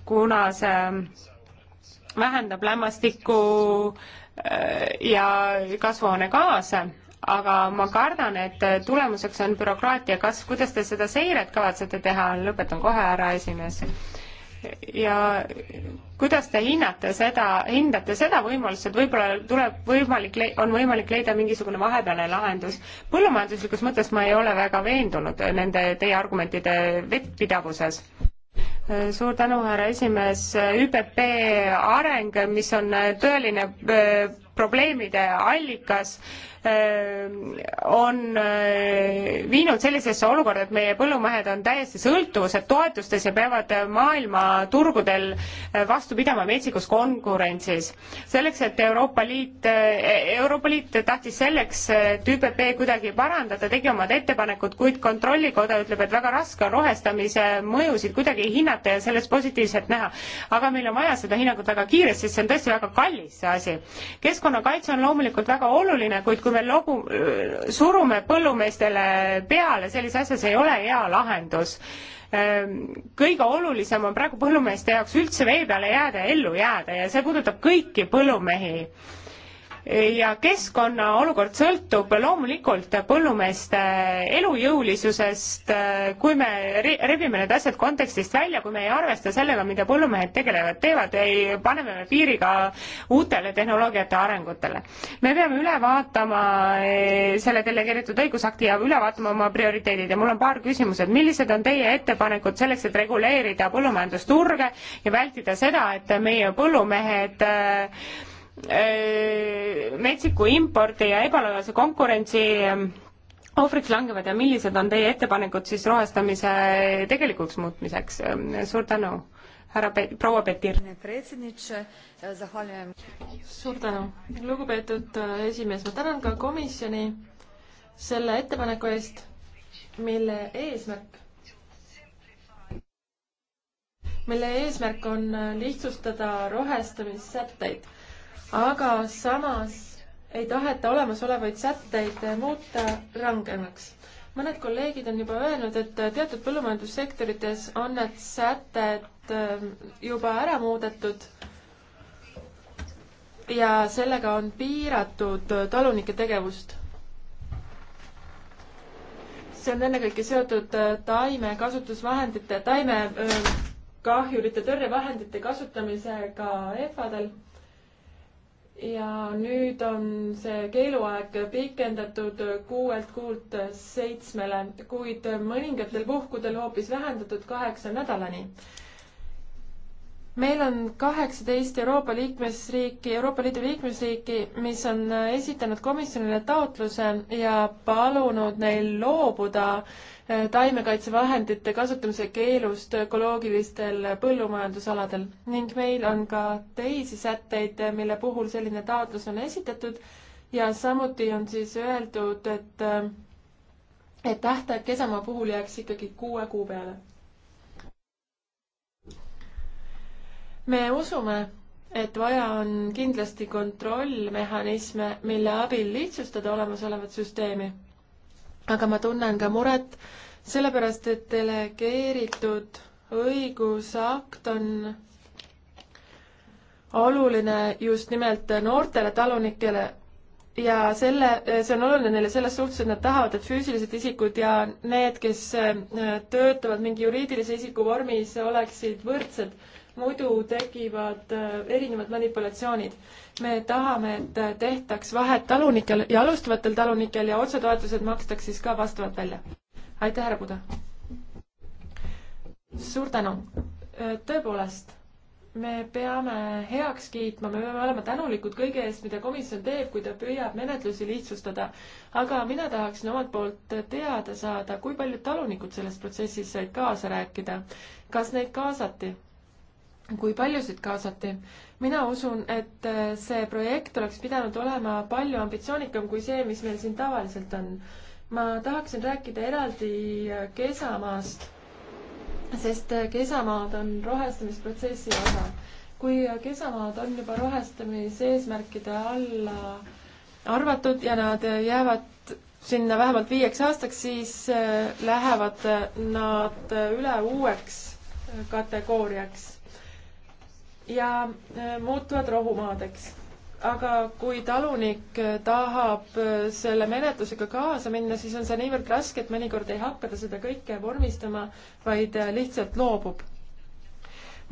kuna see äh, vähendab lämmastikku äh, ja kasvuhoonegaase, aga ma kardan, et tulemuseks on bürokraatia kasv. kuidas te seda seiret kavatsete teha? lõpetan kohe ära, esimees ja kuidas te hinnate seda, hindate seda võimalust, et võib-olla tuleb võimalik, on võimalik leida mingisugune vahepealne lahendus. põllumajanduslikus mõttes ma ei ole väga veendunud nende teie argumentide vettpidavuses suur tänu, härra esimees. ÜPP areng, mis on tõeline probleemide allikas ähm, on äh, viinud sellisesse olukorda, et meie põllumehed on täiesti sõltuvused toetustes ja peavad maailmaturgudel äh, vastu pidama metsikus konkurentsis. selleks, et Euroopa Liit, äh, Euroopa Liit tahtis selleks, et ÜPP kuidagi parandada, tegi omad ettepanekud, kuid Kontrollikoda ütleb, et väga raske on rohestamise mõjusid kuidagi hinnata ja selles positiivset näha. aga meil on vaja seda hinnangut väga kiiresti, sest see on tõesti väga kallis, see asi. keskkonna keskkonnakaitse on loomulikult väga oluline, kuid kui me logu-, surume põllumeestele peale sellise asja, see ei ole hea lahendus. Ehm, kõige olulisem on praegu põllumeeste jaoks üldse vee peale jääda ja ellu jääda ja see puudutab kõiki põllumehi ja keskkonna olukord sõltub loomulikult põllumeeste elujõulisusest, kui me rebime need asjad kontekstist välja, kui me ei arvesta sellega, mida põllumehed tegelevad, teevad, ei, paneme me piiri ka uutele tehnoloogiate arengutele. me peame üle vaatama eh, selle delegeeritud õigusakti ja üle vaatama oma prioriteedid ja mul on paar küsimused, millised on teie ettepanekud selleks, et reguleerida põllumajandusturge ja vältida seda, et meie põllumehed äh, metsiku impordi ja ebalojaalse konkurentsi ähm, ohvriks langevad ja millised on teie ettepanekud siis rohestamise tegelikuks muutmiseks? Ähm, suur tänu, härra Pe-, proua Petir. suur tänu, lugupeetud äh, esimees, ma tänan ka komisjoni selle ettepaneku eest, mille eesmärk mille eesmärk on äh, lihtsustada rohestamissätteid aga samas ei taheta olemasolevaid sätteid muuta rangemaks. mõned kolleegid on juba öelnud, et teatud põllumajandussektorites on need sätted ähm, juba ära muudetud ja sellega on piiratud talunike tegevust. see on ennekõike seotud äh, taimekasutusvahendite, taimekahjurite ähm, tõrjevahendite kasutamisega EFA-del ja nüüd on see keeluaeg pikendatud kuuelt kuult seitsmele, kuid mõningatel puhkudel hoopis vähendatud kaheksa nädalani meil on kaheksateist Euroopa liikmesriiki, Euroopa Liidu liikmesriiki, mis on esitanud komisjonile taotluse ja palunud neil loobuda eh, taimekaitsevahendite kasutamise keelust ökoloogilistel põllumajandusaladel ning meil on ka teisi sätteid, mille puhul selline taotlus on esitatud ja samuti on siis öeldud, et eh, et tähtaeg kesamaa puhul jääks ikkagi kuue kuu peale me usume, et vaja on kindlasti kontrollmehhanisme, mille abil lihtsustada olemasolevat süsteemi. aga ma tunnen ka muret, sellepärast et delegeeritud õigusakt on oluline just nimelt noortele talunikele ja selle, see on oluline neile selles suhtes, et nad tahavad, et füüsilised isikud ja need, kes äh, töötavad mingi juriidilise isiku vormis, oleksid võrdsed muidu tekivad äh, erinevad manipulatsioonid. me tahame, et äh, tehtaks vahet talunikel ja alustavatel talunikel ja otsetoetused makstaks siis ka vastavalt välja. aitäh, härra Puda! suur tänu! Äh, tõepoolest, me peame heaks kiitma, me peame olema tänulikud kõige eest, mida komisjon teeb, kui ta püüab menetlusi lihtsustada. aga mina tahaksin omalt poolt teada saada, kui paljud talunikud selles protsessis said kaasa rääkida. kas neid kaasati? kui paljusid kaasati. mina usun, et äh, see projekt oleks pidanud olema palju ambitsioonikam kui see, mis meil siin tavaliselt on. ma tahaksin rääkida eraldi äh, Kesamaast, sest äh, Kesamaad on rohestamisprotsessi osa. kui Kesamaad on juba rohestamiseesmärkide alla arvatud ja nad jäävad sinna vähemalt viieks aastaks, siis lähevad nad üle uueks kategooriaks ja äh, muutuvad rohumaadeks. aga kui talunik äh, tahab äh, selle menetlusega kaasa minna, siis on see niivõrd raske, et mõnikord ei hakka ta seda kõike vormistama, vaid lihtsalt loobub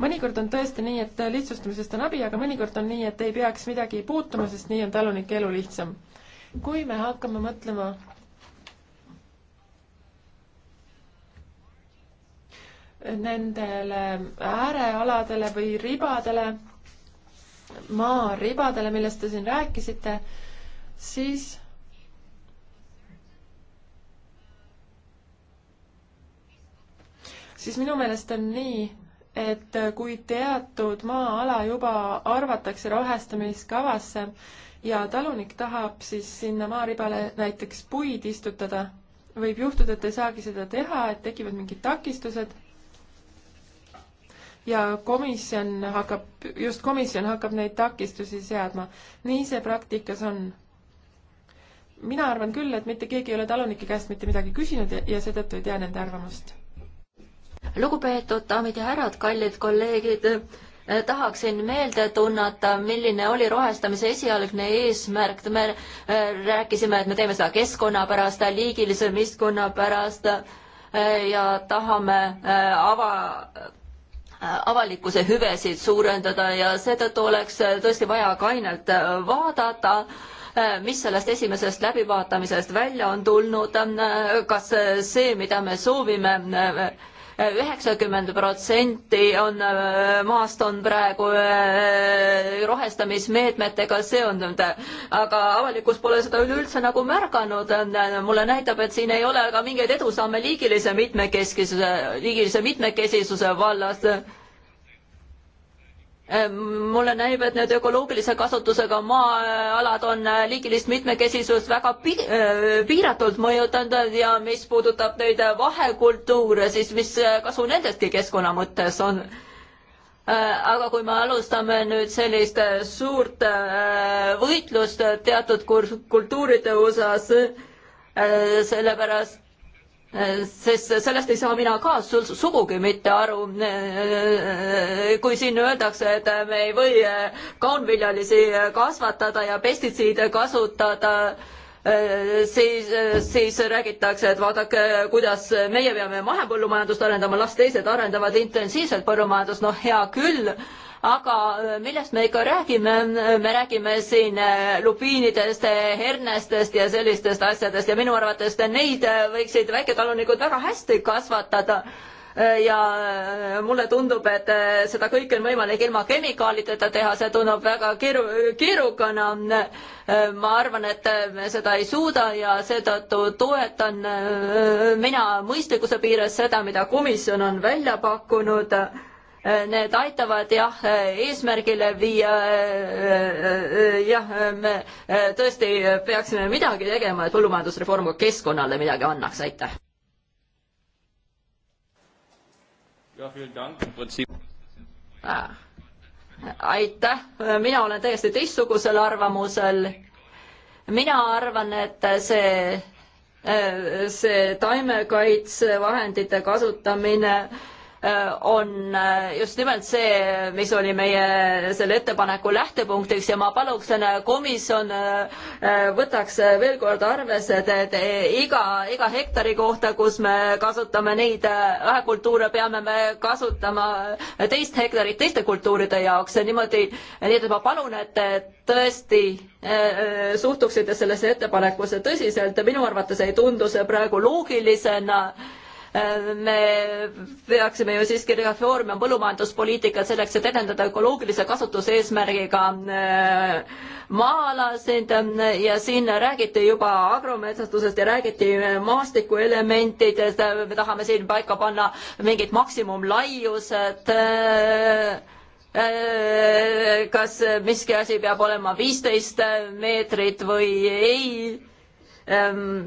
mõnikord on tõesti nii, et lihtsustamisest on abi, aga mõnikord on nii, et ei peaks midagi puutuma, sest nii on talunike elu lihtsam. kui me hakkame mõtlema nendele äärealadele või ribadele, maaribadele, millest te siin rääkisite, siis siis minu meelest on nii, et kui teatud maa-ala juba arvatakse rohestamiskavasse ja talunik tahab siis sinna maaribale näiteks puid istutada, võib juhtuda, et ei saagi seda teha, et tekivad mingid takistused ja komisjon hakkab, just komisjon hakkab neid takistusi seadma. nii see praktikas on. mina arvan küll, et mitte keegi ei ole talunike käest mitte midagi küsinud ja, ja seetõttu ei tea nende arvamust. lugupeetud daamid ja härrad, kallid kolleegid, eh, tahaksin meelde tunnata, milline oli rohestamise esialgne eesmärk. me eh, rääkisime, et me teeme seda keskkonna pärast, liigilise mistkonna pärast eh, ja tahame ava, Äh, avalikkuse hüvesid suurendada ja seetõttu oleks äh, tõesti vaja kainelt äh, vaadata, mis sellest esimesest läbivaatamisest välja on tulnud, kas see, mida me soovime, üheksakümmend protsenti on, äh, maast on praegu äh, rohestamismeetmetega seondunud, aga avalikkus pole seda üleüldse nagu märganud. mulle näitab, et siin ei ole ka mingeid edusamme liigilise mitmekesisuse, liigilise mitmekesisuse vallas Äh, mulle näib, et need ökoloogilise kasutusega maa-alad on äh, liigilist mitmekesisust väga pi-, äh, piiratult mõjutanud ja mis puudutab neid vahekultuure, siis mis kasu nendestki keskkonna mõttes on? aga kui me alustame nüüd sellist suurt võitlust teatud kultuuride osas, sellepärast sest sellest ei saa mina ka sugugi mitte aru. kui siin öeldakse, et me ei või kaunviljalisi kasvatada ja pestitsiide kasutada Äh, siis, äh, siis räägitakse, et vaadake, kuidas meie peame mahepõllumajandust arendama, las teised arendavad intensiivselt põllumajandust, noh, hea küll, aga äh, millest me ikka räägime, me räägime siin lubiinidest, hernestest ja sellistest asjadest ja minu arvates neid võiksid väiketalunikud väga hästi kasvatada ja äh, mulle tundub, et äh, seda kõike on võimalik ilma kemikaalideta teha, see tundub väga keeru-, keerukana. Äh, ma arvan, et me seda ei suuda ja seetõttu toetan mina mõistlikkuse piires seda, mida komisjon on välja pakkunud need aitavad jah, eesmärgile viia. jah, me tõesti peaksime midagi tegema, et põllumajandusreform ka keskkonnale midagi annaks, aitäh. Ah, aitäh, mina olen täiesti teistsugusel arvamusel. mina arvan, et see, äh, see taimekaitsevahendite kasutamine äh, Äh, on äh, just nimelt see, mis oli meie selle ettepaneku lähtepunktiks ja ma paluksin, äh, komisjon võtaks veel kord arvesse, et iga, iga hektari kohta, kus me kasutame neid vähekultuure, peame me kasutama teist hektarit teiste kultuuride jaoks ja niimoodi, nii et ma palun, et tõesti suhtuksite sellesse ettepanekusse tõsiselt, minu arvates ei tundu see praegu loogilisena me peaksime ju siiski reformima põllumajanduspoliitikat selleks, et edendada ökoloogilise kasutuse eesmärgiga äh, maa-alasid ja siin räägiti juba agrometsastusest ja räägiti maastikuelementidest, me tahame siin paika panna mingid maksimumlaiused äh, äh, kas miski asi peab olema viisteist meetrit või ei. Ehm,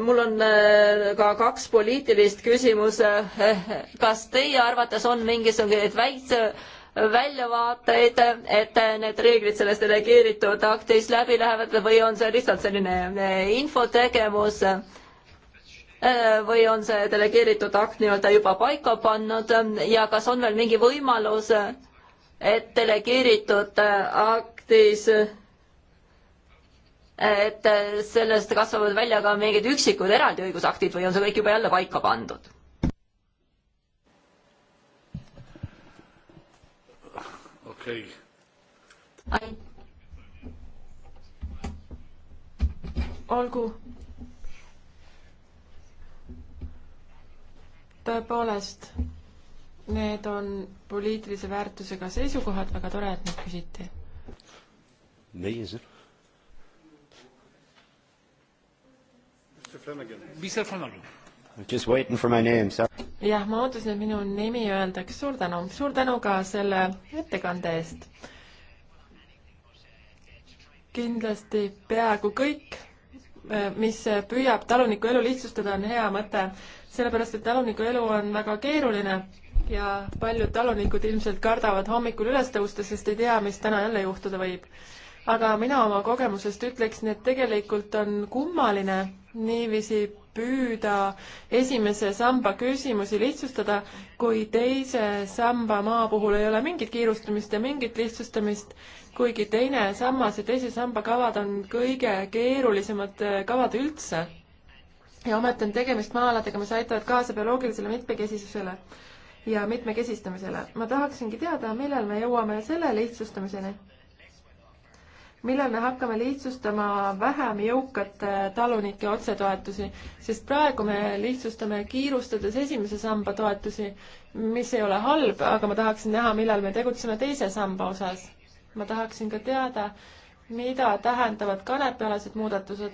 mul on äh, ka kaks poliitilist küsimuse. kas teie arvates on mingisuguseid väikse väljavaateid, et need reeglid selles delegeeritud aktis läbi lähevad või on see lihtsalt selline äh, infotegevus äh, või on see delegeeritud akt nii-öelda juba paika pannud ja kas on veel mingi võimalus, et delegeeritud aktis et sellest kasvavad välja ka mingid üksikud eraldi õigusaktid või on see kõik juba jälle paika pandud? okei okay.. olgu. tõepoolest, need on poliitilise väärtusega seisukohad, väga tore, et neid küsiti. meie sõnum. Mr Flanagan. Just waiting for my name, sir. jah, ma ootasin, et minu nimi öeldakse, suur tänu, suur tänu ka selle ettekande eest. kindlasti peaaegu kõik, eh, mis püüab taluniku elu lihtsustada, on hea mõte, sellepärast et taluniku elu on väga keeruline ja paljud talunikud ilmselt kardavad hommikul üles tõusta, sest ei tea, mis täna jälle juhtuda võib aga mina oma kogemusest ütleksin, et tegelikult on kummaline niiviisi püüda esimese samba küsimusi lihtsustada, kui teise samba maa puhul ei ole mingit kiirustamist ja mingit lihtsustamist, kuigi teine sammas ja teise samba kavad on kõige keerulisemad eh, kavad üldse. ja ometi on tegemist maa-aladega, mis aitavad kaasa bioloogilisele mitmekesisusele ja mitmekesistamisele. ma tahaksingi teada, millal me jõuame selle lihtsustamiseni millal me hakkame lihtsustama vähem jõukate talunike otsetoetusi, sest praegu me lihtsustame kiirustades esimese samba toetusi, mis ei ole halb, aga ma tahaksin näha, millal me tegutseme teise samba osas. ma tahaksin ka teada, mida tähendavad kanepialased muudatused.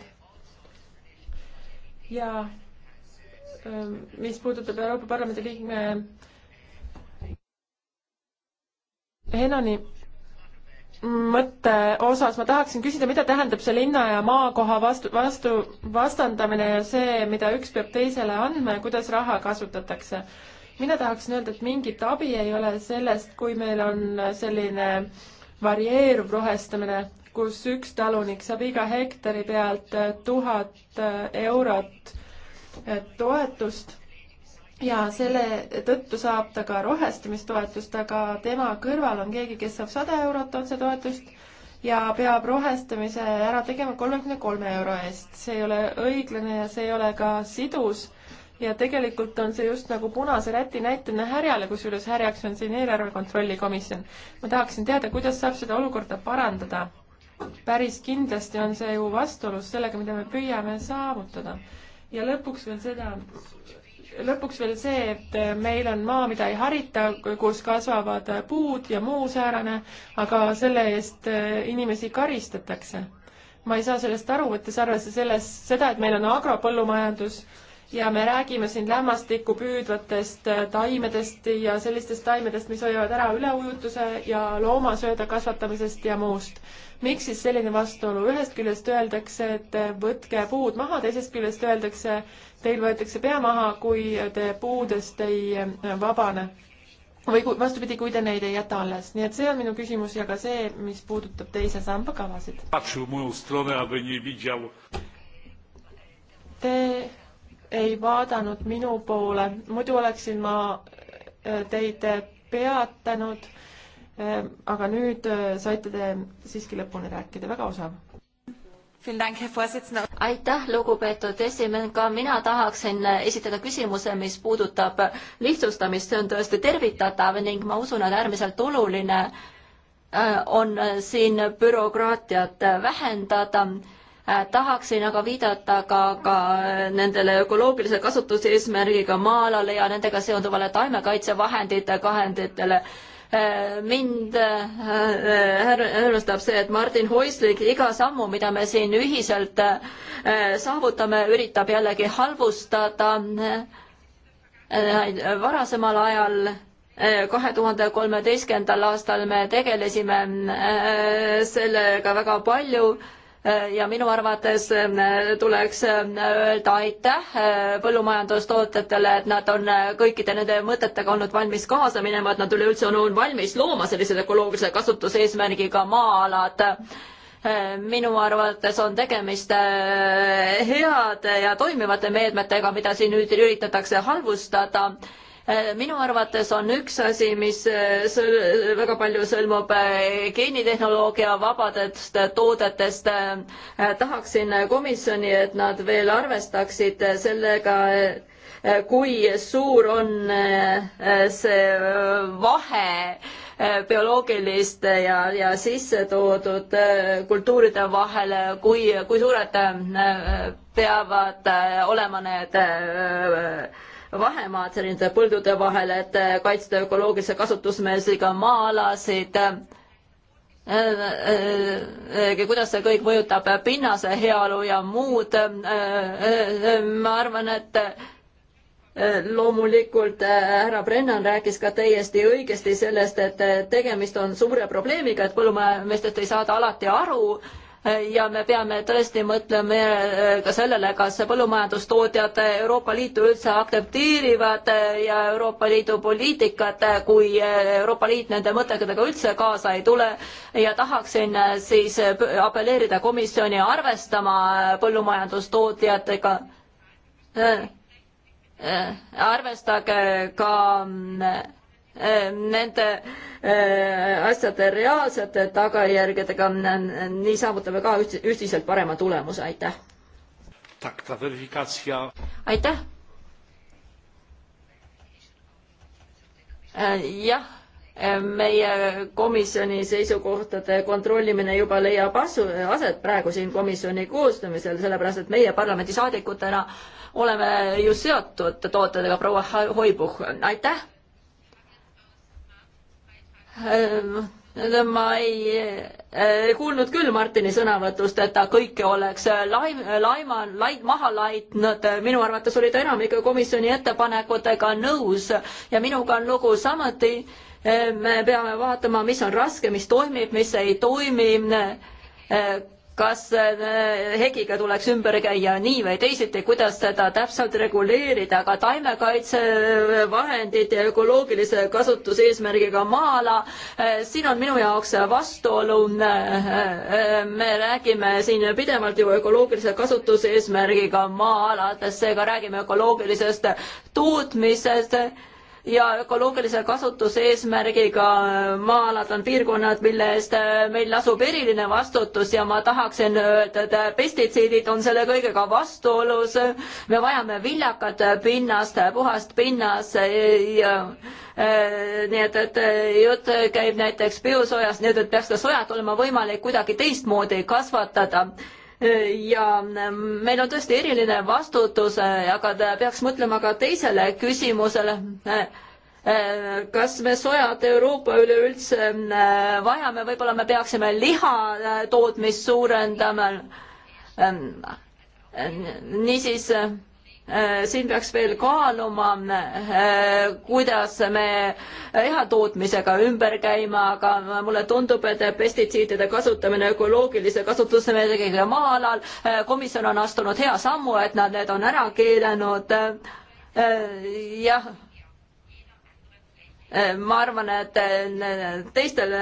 ja ähm, mis puudutab Euroopa Parlamendi liikme Henoni mõtte osas ma tahaksin küsida, mida tähendab see linna ja maakoha vastu, vastu, vastandamine ja see, mida üks peab teisele andma ja kuidas raha kasutatakse. mina tahaksin öelda, et mingit abi ei ole sellest, kui meil on selline varieeruv rohestamine, kus üks talunik saab iga hektari pealt tuhat eurot eh, toetust ja selle tõttu saab ta ka rohestamistoetust, aga tema kõrval on keegi, kes saab sada eurot otsetoetust ja peab rohestamise ära tegema kolmekümne kolme euro eest. see ei ole õiglane ja see ei ole ka sidus ja tegelikult on see just nagu punase räti näitena härjale, kusjuures härjaks on siin eelarve kontrolli komisjon. ma tahaksin teada, kuidas saab seda olukorda parandada. päris kindlasti on see ju vastuolus sellega, mida me püüame saavutada. ja lõpuks veel seda, lõpuks veel see, et meil on maa, mida ei harita, kus kasvavad puud ja muu säärane, aga selle eest äh, inimesi karistatakse. ma ei saa sellest aru, võttes arvesse selles, seda, et meil on agropõllumajandus ja me räägime siin lämmastikku püüdvatest äh, taimedest ja sellistest taimedest, mis hoiavad ära üleujutuse ja loomasööda kasvatamisest ja muust miks siis selline vastuolu, ühest küljest öeldakse, et äh, võtke puud maha, teisest küljest öeldakse, teil võetakse pea maha, kui te puudest ei äh, vabane. või kui, vastupidi, kui te neid ei jäta alles. nii et see on minu küsimus ja ka see, mis puudutab teise samba kavasid. Te ei vaadanud minu poole, muidu oleksin ma äh, teid peatanud, äh, aga nüüd saite te siiski lõpuni rääkida, väga osav aitäh, lugupeetud esimees, ka mina tahaksin esitada küsimuse, mis puudutab lihtsustamist, see on tõesti tervitatav ning ma usun, et äärmiselt oluline äh, on siin bürokraatiat vähendada äh, tahaksin aga viidata ka, ka nendele ökoloogilise kasutuse eesmärgiga maa-alale ja nendega seonduvale taimekaitsevahendite kahenditele. Äh, mind hämmastab äh, äh, see, et Martin Häuslik iga sammu, mida me siin ühiselt saavutame, üritab jällegi halvustada varasemal ajal kahe tuhande kolmeteistkümnendal aastal me tegelesime sellega väga palju ja minu arvates ähm, tuleks ähm, öelda aitäh äh, põllumajandustootjatele, et nad on äh, kõikide nende mõtetega olnud valmis kaasa minema, et nad üleüldse on olnud valmis looma sellised ökoloogilise kasutuse eesmärgiga maa-alad äh, minu arvates on tegemist heade ja toimivate meetmetega, mida siin nüüd üritatakse halvustada Äh, minu arvates on üks asi, mis äh, väga palju sõlmub äh, geenitehnoloogia vabadest toodetest. tahaksin komisjoni, et nad veel arvestaksid sellega, kui suur on see vahe bioloogiliste ja, ja sisse toodud kultuuride vahel, kui, kui suured peavad olema need vahemaad nende põldude vahel, et äh, kaitsta ökoloogilise kasutusmeelsusega maa-alasid äh, äh, kuidas see kõik mõjutab pinnase heaolu ja muud. ma arvan, et loomulikult härra Brennan rääkis ka täiesti õigesti sellest, et tegemist on suure probleemiga, et põllumeestest ei saada alati aru ja me peame tõesti mõtlema äh, ka sellele, kas põllumajandustootjad Euroopa Liitu üldse aktsepteerivad äh, ja Euroopa Liidu poliitikat, äh, kui Euroopa Liit nende mõtetega üldse kaasa ei tule ja tahaksin siis apelleerida komisjoni arvestama põllumajandustootjatega arvestage ka mm, Ehm, nende ehm, asjade reaalsete tagajärgedega, nii saavutame ka ühtliselt parema tulemuse, aitäh. aitäh. Ehm, jah, meie komisjoni seisukohtade kontrollimine juba leiab asu, aset praegu siin komisjoni koostamisel, sellepärast et meie parlamendisaadikutena oleme ju seotud tootedega, proua Hoibuh, aitäh Ehm, ma ei eh, kuulnud küll Martini sõnavõtust, et ta kõike oleks eh, laim-, laima, laid-, maha laitnud, minu arvates oli ta enamike komisjoni ettepanekutega nõus ja minuga on lugu samuti, ehm, me peame vaatama, mis on raske, mis toimib, mis ei toimi ehm, kas äh, hegiga tuleks ümber käia nii või teisiti, kuidas seda täpselt reguleerida, aga taimekaitsevahendid äh, ja ökoloogilise kasutuseesmärgiga maa-ala, äh, siin on minu jaoks vastuolu. me räägime siin pidevalt ju ökoloogilise kasutuseesmärgiga maa-aladest, seega räägime ökoloogilisest tootmisest ja ökoloogilise kasutuse eesmärgiga maa-alad on piirkonnad, mille eest äh, meil lasub eriline vastutus ja ma tahaksin öelda, et äh, pestitsiidid on selle kõigega vastuolus. me vajame viljakat pinnast, puhast pinnast äh, ja nii et, et jutt käib näiteks biosoojast, nii et, et peaks ka sojad olema võimalik kuidagi teistmoodi kasvatada ja mm, meil on tõesti eriline vastutus, äh, aga peaks mõtlema ka teisele küsimusele. Äh, äh, kas me sojad Euroopa üleüldse mm, vajame, võib-olla me peaksime liha tootmist suurendama. Ähm, niisiis Äh, siin peaks veel kaaluma, äh, kuidas me ehatootmisega ümber käima, aga mulle tundub, et pestitsiidide kasutamine ökoloogilise kasutuse meetodiga maa-alal, äh, komisjon on astunud hea sammu, et nad need on ära keelanud. jah ma arvan, et teistel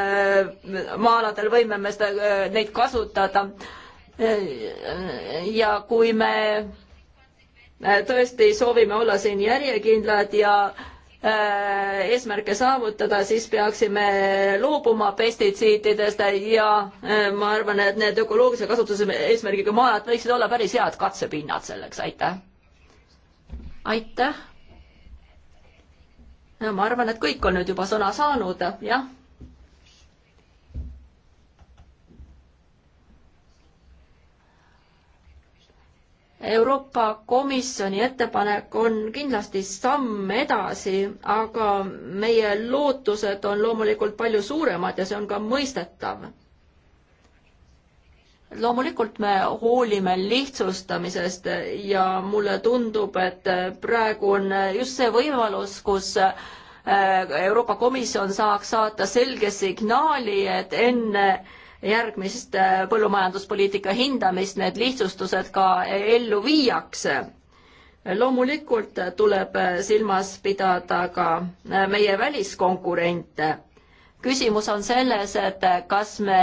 maa-aladel võime me seda, neid kasutada. ja kui me Äh, tõesti soovime olla siin järjekindlad ja äh, eesmärke saavutada, siis peaksime loobuma pestitsiididest ja äh, ma arvan, et need ökoloogilise kasutuse eesmärgiga majad võiksid olla päris head katsepinnad selleks, aitäh. aitäh. ma arvan, et kõik on nüüd juba sõna saanud, jah Euroopa Komisjoni ettepanek on kindlasti samm edasi, aga meie lootused on loomulikult palju suuremad ja see on ka mõistetav. loomulikult me hoolime lihtsustamisest ja mulle tundub, et praegu on just see võimalus, kus eh, Euroopa Komisjon saaks saata selge signaali, et enne järgmist äh, põllumajanduspoliitika hindamist need lihtsustused ka äh, ellu viiakse. loomulikult tuleb äh, silmas pidada ka meie väliskonkurente küsimus on selles, et kas me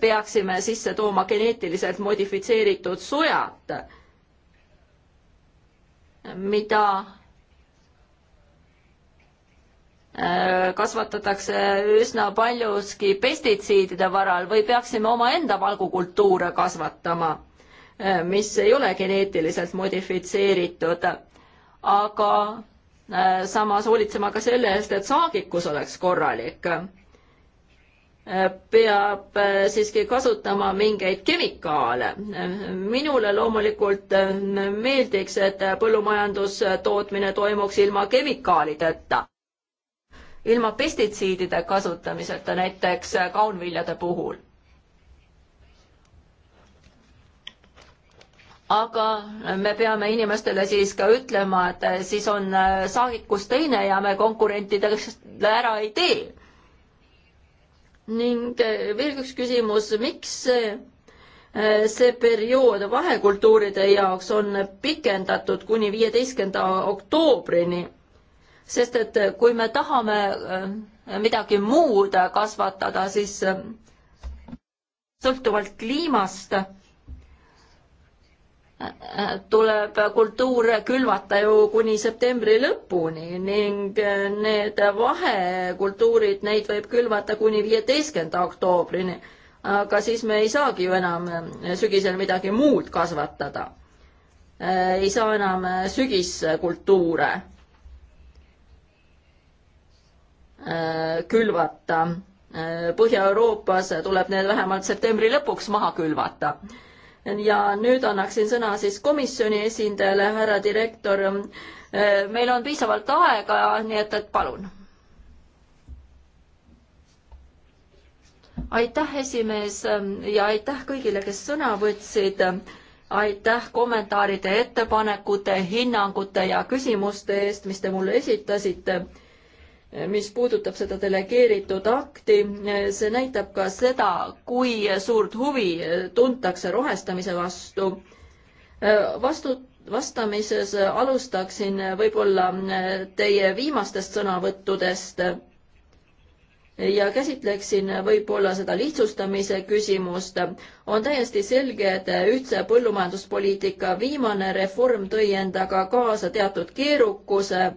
peaksime sisse tooma geneetiliselt modifitseeritud sojad, mida Äh, kasvatatakse üsna paljuski pestitsiidide varal või peaksime omaenda valgukultuure kasvatama, äh, mis ei ole geneetiliselt modifitseeritud, aga äh, samas hoolitsema ka selle eest, et saagikus oleks korralik. peab siiski kasutama mingeid kemikaale. minule loomulikult meeldiks, et põllumajandustootmine toimuks ilma kemikaalideta ilma pestitsiidide kasutamiseta, näiteks kaunviljade puhul. aga me peame inimestele siis ka ütlema, et siis on saagikus teine ja me konkurentidele ära ei tee. ning veel üks küsimus, miks see see periood vahekultuuride jaoks on pikendatud kuni viieteistkümnenda oktoobrini sest et äh, kui me tahame äh, midagi muud kasvatada, siis äh, sõltuvalt kliimast tuleb kultuur külvata ju kuni septembri lõpuni ning need vahekultuurid, neid võib külvata kuni viieteistkümnenda oktoobrini. aga siis me ei saagi ju enam sügisel midagi muud kasvatada. ei saa enam sügiskultuure Äh, külvata. Äh, Põhja-Euroopas tuleb need vähemalt septembri lõpuks maha külvata. ja nüüd annaksin sõna siis komisjoni esindajale, härra direktor. Äh, meil on piisavalt aega, nii et, et palun. aitäh, esimees ähm, ja aitäh kõigile, kes sõna võtsid aitäh kommentaaride, ettepanekute, hinnangute ja küsimuste eest, mis te mulle esitasite mis puudutab seda delegeeritud akti, see näitab ka seda, kui suurt huvi tuntakse rohestamise vastu. vastu, vastamises alustaksin võib-olla teie viimastest sõnavõttudest ja käsitleksin võib-olla seda lihtsustamise küsimust. on täiesti selge, et ühtse põllumajanduspoliitika viimane reform tõi endaga kaasa teatud keerukuse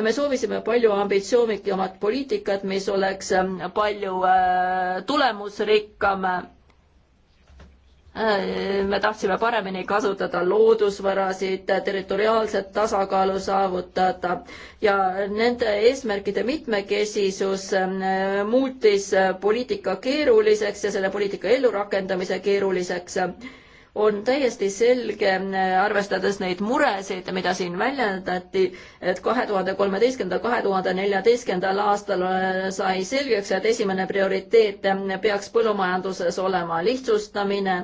me soovisime palju ambitsioonikamat poliitikat, mis oleks ähm, palju äh, tulemusrikkam. Äh, me tahtsime paremini kasutada loodusvarasid, territoriaalset tasakaalu saavutada ja nende eesmärkide mitmekesisus ähm, muutis poliitika keeruliseks ja selle poliitika ellurakendamise keeruliseks on täiesti selge, arvestades neid muresid, mida siin väljendati, et kahe tuhande kolmeteistkümnendal, kahe tuhande neljateistkümnendal aastal äh, sai selgeks, et esimene prioriteet äh, peaks põllumajanduses olema lihtsustamine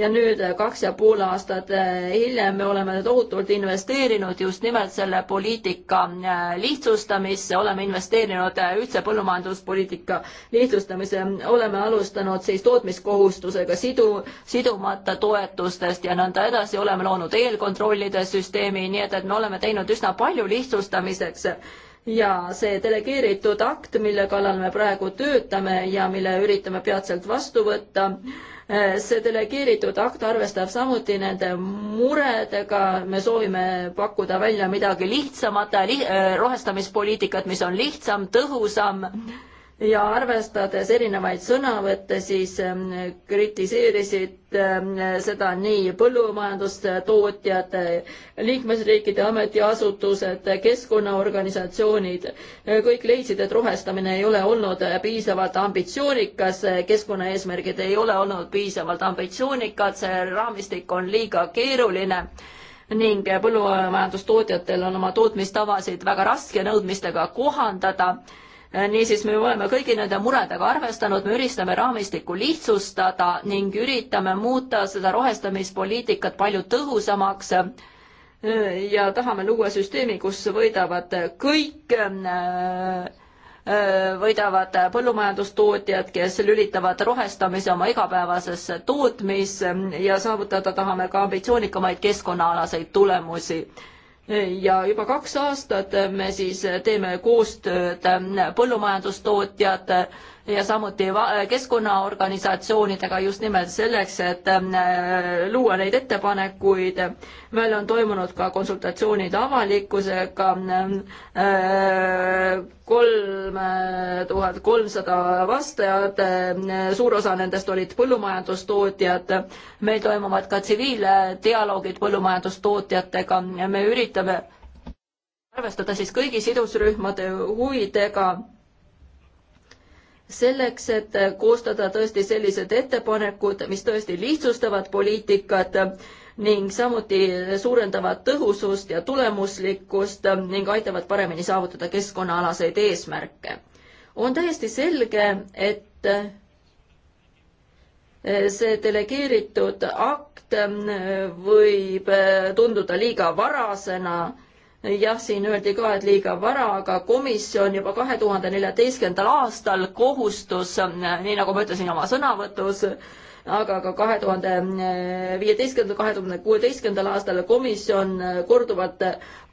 ja nüüd eh, kaks ja pool aastat eh, hiljem me oleme tohutult investeerinud just nimelt selle poliitika eh, lihtsustamisse, oleme investeerinud ühtse põllumajanduspoliitika lihtsustamise, oleme alustanud siis tootmiskohustusega sidu, sidumata toetustest ja nõnda edasi, oleme loonud eelkontrollide süsteemi, nii et, et me oleme teinud üsna palju lihtsustamiseks ja see delegeeritud akt, mille kallal me praegu töötame ja mille üritame peatselt vastu võtta, Äh, see delegeeritud akt arvestab samuti nende muredega, me soovime pakkuda välja midagi lihtsamat, äh, rohestamispoliitikat, mis on lihtsam, tõhusam ja arvestades erinevaid sõnavõtte, siis ähm, kritiseerisid ähm, seda nii põllumajandustootjad, äh, liikmesriikide ametiasutused, keskkonnaorganisatsioonid, äh, kõik leidsid, et rohestamine ei ole olnud äh, piisavalt ambitsioonikas, keskkonnaeesmärgid ei ole olnud piisavalt ambitsioonikad, see raamistik on liiga keeruline ning põllumajandustootjatel on oma tootmistavasid väga raske nõudmistega kohandada Äh, niisiis, me oleme kõigi nende muredega arvestanud, me üritame raamistikku lihtsustada ning üritame muuta seda rohestamispoliitikat palju tõhusamaks äh, ja tahame luua süsteemi, kus võidavad kõik äh, võidavad põllumajandustootjad, kes lülitavad rohestamise oma igapäevasesse tootmisse ja saavutada tahame ka ambitsioonikamaid keskkonnaalaseid tulemusi ja juba kaks aastat me siis teeme koostööd ähm, põllumajandustootjate ja samuti keskkonnaorganisatsioonidega just nimelt selleks, et äh, luua neid ettepanekuid. meil on toimunud ka konsultatsioonid avalikkusega. Äh, kolm tuhat kolmsada vastajat, äh, suur osa nendest olid põllumajandustootjad. meil toimuvad ka tsiviildialoogid põllumajandustootjatega, me üritame arvestada siis kõigi sidusrühmade huvidega selleks, et koostada tõesti sellised ettepanekud, mis tõesti lihtsustavad poliitikat ning samuti suurendavad tõhusust ja tulemuslikkust ning aitavad paremini saavutada keskkonnaalaseid eesmärke. on täiesti selge, et see delegeeritud akt võib tunduda liiga varasena jah, siin öeldi ka, et liiga vara, aga komisjon juba kahe tuhande neljateistkümnendal aastal kohustus, nii nagu ma ütlesin oma sõnavõtus, aga ka kahe tuhande viieteistkümnendal, kahe tuhande kuueteistkümnendal aastal komisjon korduvalt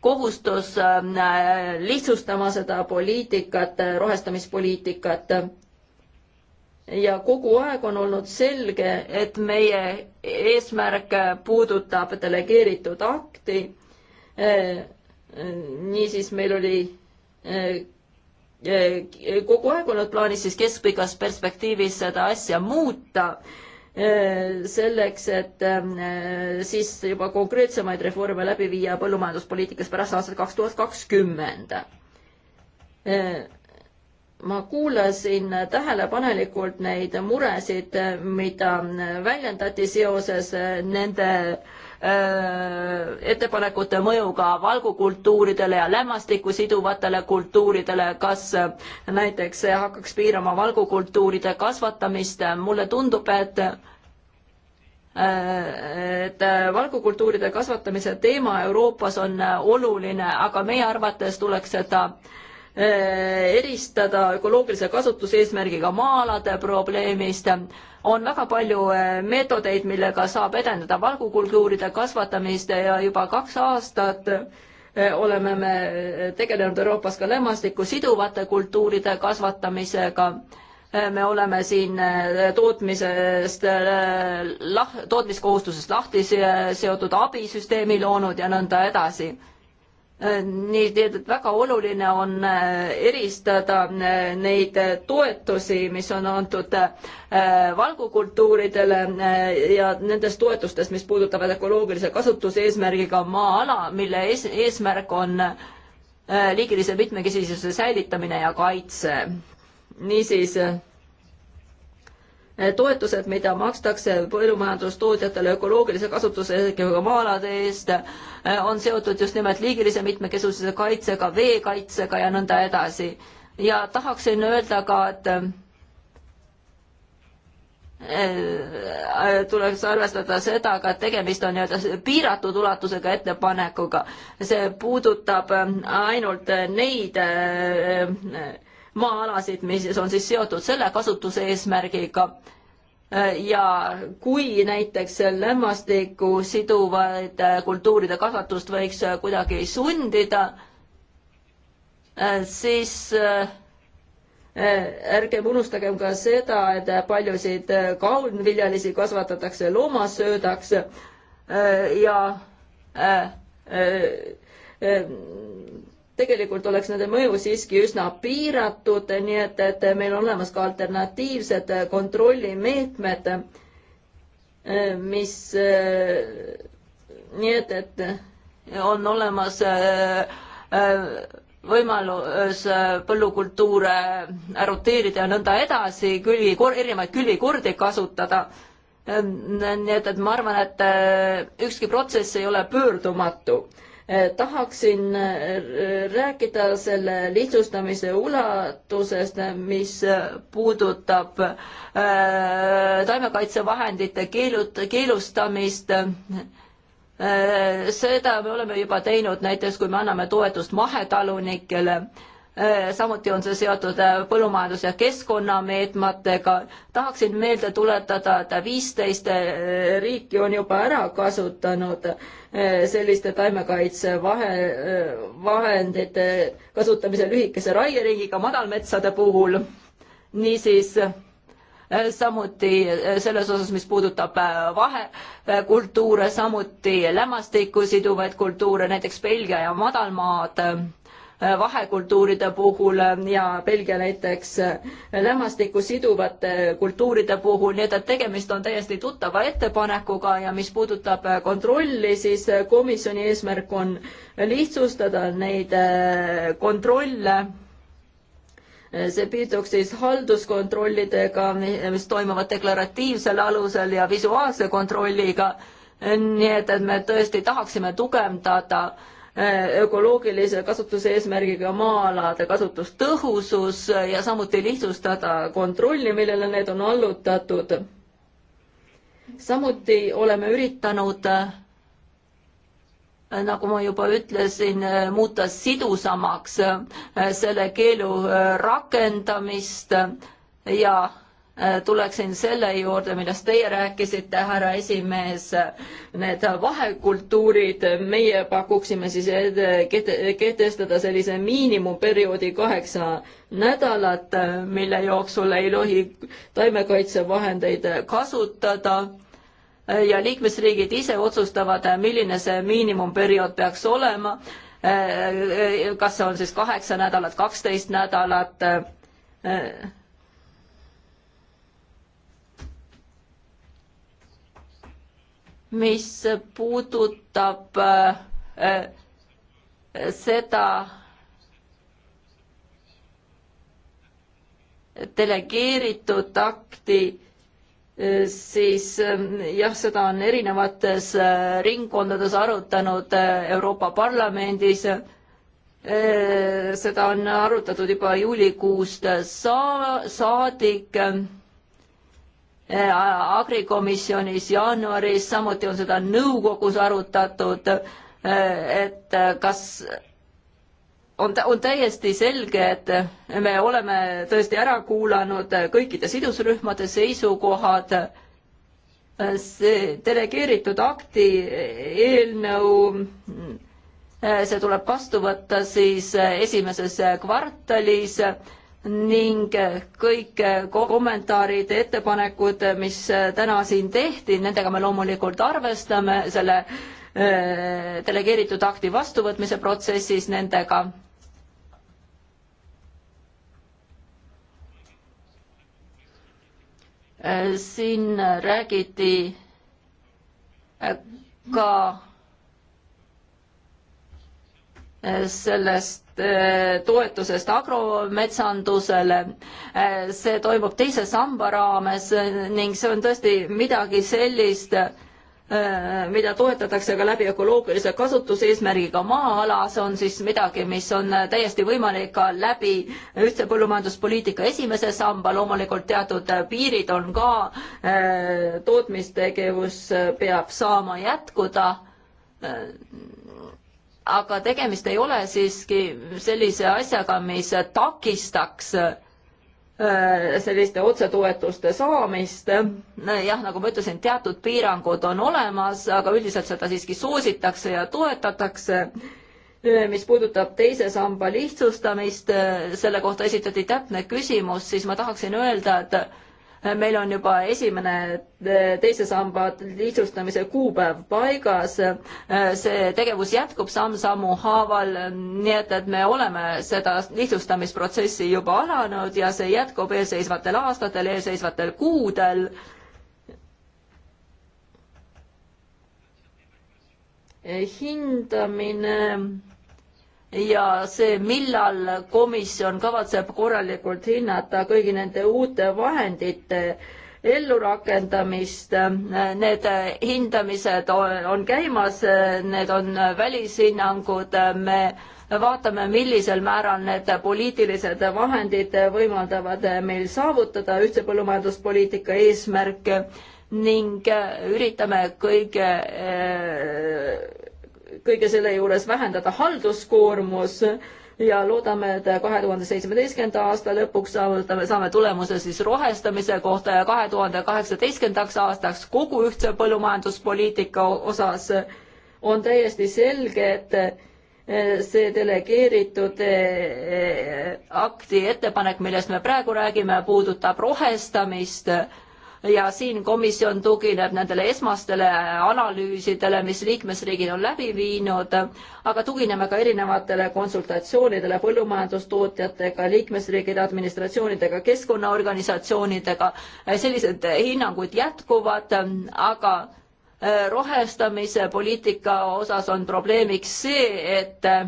kohustus äh, lihtsustama seda poliitikat, rohestamispoliitikat. ja kogu aeg on olnud selge, et meie eesmärk puudutab delegeeritud akti äh, niisiis meil oli eh, eh, kogu aeg olnud plaanis siis keskpikas perspektiivis seda asja muuta eh, selleks, et siis juba konkreetsemaid reforme läbi viia põllumajanduspoliitikas pärast aastat kaks tuhat kakskümmend. ma kuulasin tähelepanelikult neid muresid, mida väljendati seoses nende äh, Äh, ettepanekute mõjuga valgukultuuridele ja lämmastikku siduvatele kultuuridele, kas äh, näiteks hakkaks piirama valgukultuuride kasvatamist, mulle tundub, et äh, et valgukultuuride kasvatamise teema Euroopas on oluline, aga meie arvates tuleks seda äh, Äh, eristada ökoloogilise kasutuse eesmärgiga maa-alade probleemist. on väga palju äh, meetodeid, millega saab edendada valgukultuuride kasvatamist ja juba kaks aastat äh, oleme me tegelenud Euroopas ka lämmastiku siduvate kultuuride kasvatamisega me oleme siin tootmisest lah-, tootmiskohustusest lahti seotud abisüsteemi loonud ja nõnda edasi. Äh, nii et väga oluline on äh, eristada äh, neid toetusi, mis on antud valgukultuuridele ja nendest toetustest, mis puudutavad ökoloogilise kasutuse eesmärgiga maa-ala, mille ees, eesmärk on liigilise mitmekesisuse säilitamine ja kaitse. niisiis toetused, mida makstakse põllumajandustootjatele ökoloogilise kasutusega maa-alade eest, äh, on seotud just nimelt liigilise mitmekesisuse kaitsega, veekaitsega ja nõnda edasi. ja tahaksin öelda ka, et äh, tuleks arvestada seda, ka tegemist on nii-öelda piiratud ulatusega ettepanekuga. see puudutab äh, ainult neid maa-alasid, mis on siis seotud selle kasutuse eesmärgiga ja kui näiteks lämmastikku siduvaid kultuuride kasvatust võiks kuidagi sundida, siis eh, ärgem unustagem ka seda, et paljusid kaunviljalisi kasvatatakse loomasöödaks eh, ja eh, tegelikult oleks nende mõju siiski üsna piiratud, nii et, et meil on olemas ka alternatiivsed kontrollimeetmed, mis nii et, et on olemas võimalus põllukultuure roteerida ja nõnda edasi, külvi, erinevaid külvikordi kasutada. nii et, et ma arvan, et ükski protsess ei ole pöördumatu Eh, tahaksin eh, rääkida selle lihtsustamise ulatusest, mis puudutab eh, taimekaitsevahendite keelut-, keelustamist. seda me oleme juba teinud, näiteks kui me anname toetust mahetalunikele Äh, samuti on see seotud äh, põllumajandus- ja keskkonnameetmatega. tahaksin meelde tuletada, et viisteist äh, riiki on juba ära kasutanud selliste taimekaitsevahe, vahendite kasutamise lühikese raieringiga madalmetsade puhul. niisiis samuti selles osas, mis puudutab vahekultuure, samuti lämmastikku siduvaid kultuure, näiteks Belgia ja madalmaad vahekultuuride puhul ja Belgia näiteks lämmastikku siduvate kultuuride puhul, nii et, et tegemist on täiesti tuttava ettepanekuga ja mis puudutab kontrolli, siis komisjoni eesmärk on lihtsustada neid kontrolle see piirduks siis halduskontrollidega, mis toimuvad deklaratiivsel alusel ja visuaalse kontrolliga. nii et, et me tõesti tahaksime tugevdada äh, Äh, ökoloogilise kasutuse eesmärgiga maa-alade kasutustõhusus ja samuti lihtsustada kontrolli, millele need on allutatud. samuti oleme üritanud äh, nagu ma juba ütlesin, äh, muuta sidusamaks selle keelu rakendamist ja Äh, tuleksin selle juurde, millest teie rääkisite, härra esimees, need vahekultuurid, meie pakuksime siis kehtestada sellise miinimumperioodi kaheksa nädalat, mille jooksul ei tohi taimekaitsevahendeid kasutada äh, ja liikmesriigid ise otsustavad, milline see miinimumperiood peaks olema, äh, kas see on siis kaheksa nädalat, kaksteist nädalat mis puudutab äh, äh, seda delegeeritud akti, äh, siis jah, seda on erinevates ringkondades arutanud Euroopa Parlamendis seda on arutatud juba juulikuust saa-, saadik Äh, agrikomisjonis jaanuaris, samuti on seda nõukogus arutatud, äh, et äh, kas on, on täiesti selge, et me oleme tõesti ära kuulanud kõikide sidusrühmade seisukohad, see delegeeritud akti eelnõu, see tuleb vastu võtta siis esimeses kvartalis ning kõik kommentaarid, ettepanekud, mis täna siin tehti, nendega me loomulikult arvestame selle äh, delegeeritud akti vastuvõtmise protsessis nendega. Äh, siin räägiti äh, ka sellest äh, toetusest agrometsandusele. Äh, see toimub teise samba raames äh, ning see on tõesti midagi sellist, mida toetatakse ka läbi ökoloogilise kasutuseesmärgiga maa-ala, see on siis midagi, mis on täiesti võimalik ka läbi ühtse põllumajanduspoliitika esimese samba, loomulikult teatud piirid on ka, tootmistegevus peab saama jätkuda aga tegemist ei ole siiski sellise asjaga, mis takistaks äh, selliste otsetoetuste saamist. jah, nagu ma ütlesin, teatud piirangud on olemas, aga üldiselt seda siiski soositakse ja toetatakse. mis puudutab teise samba lihtsustamist, äh, selle kohta esitati täpne küsimus, siis ma tahaksin öelda, et meil on juba esimene eh, teise samba lihtsustamise kuupäev paigas. Eh, see tegevus jätkub samm-sammu haaval, eh, nii et, et me oleme seda lihtsustamisprotsessi juba alanud ja see jätkub eelseisvatel aastatel, eelseisvatel kuudel. hindamine ja see, millal komisjon kavatseb korralikult hinnata kõigi nende uute vahendite ellurakendamist, need hindamised on, on käimas, need on välishinnangud, me vaatame, millisel määral need poliitilised vahendid võimaldavad meil saavutada ühtse põllumajanduspoliitika eesmärke ning üritame kõige kõige selle juures vähendada halduskoormus ja loodame, et kahe tuhande seitsmeteistkümnenda aasta lõpuks saavutame, saame tulemuse siis rohestamise kohta ja kahe tuhande kaheksateistkümnendaks aastaks kogu ühtse põllumajanduspoliitika osas on täiesti selge, et eh, see delegeeritud eh, akti ettepanek, millest me praegu räägime, puudutab rohestamist ja siin komisjon tugineb nendele esmastele analüüsidele, mis liikmesriigid on läbi viinud, aga tugineme ka erinevatele konsultatsioonidele põllumajandustootjatega, liikmesriikide administratsioonidega, keskkonnaorganisatsioonidega. sellised hinnangud jätkuvad, aga äh, rohestamise poliitika osas on probleemiks see, et äh,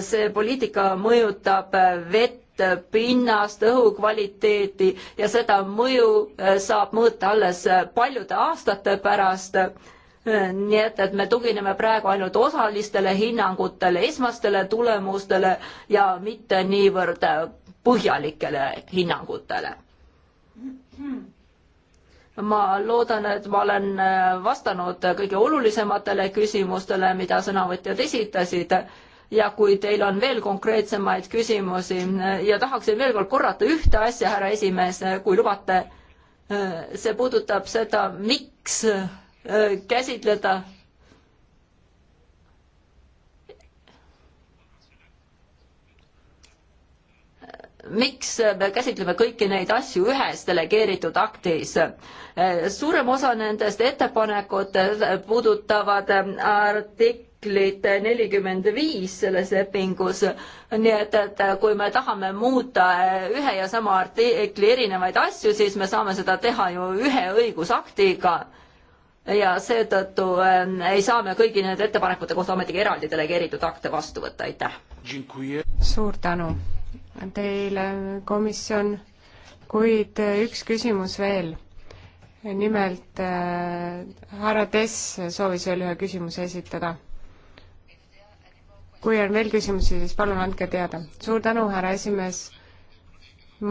see poliitika mõjutab vett pinnast, õhukvaliteeti ja seda mõju äh, saab mõõta alles äh, paljude aastate pärast. Äh, nii et, et me tugineme praegu ainult osalistele hinnangutele, esmastele tulemustele ja mitte niivõrd põhjalikele hinnangutele. ma loodan, et ma olen vastanud kõige olulisematele küsimustele, mida sõnavõtjad esitasid ja kui teil on veel konkreetsemaid küsimusi äh, ja tahaksin veel kord korrata ühte asja, härra esimees, äh, kui lubate. Äh, see puudutab seda, miks käsitleda miks me käsitleme kõiki neid asju ühes delegeeritud aktis. suurem osa nendest ettepanekutest puudutavad artik-, artiklit nelikümmend viis selles lepingus, nii et, et kui me tahame muuta ühe ja sama artikli erinevaid asju, siis me saame seda teha ju ühe õigusaktiga ja seetõttu ähm, ei saa me kõigi nende ettepanekute kohta ometigi eraldi delegeeritud akte vastu võtta, aitäh. suur tänu teile, komisjon, kuid äh, üks küsimus veel. nimelt äh, härra Tess soovis veel ühe küsimuse esitada kui on veel küsimusi, siis palun andke teada. suur tänu, härra esimees.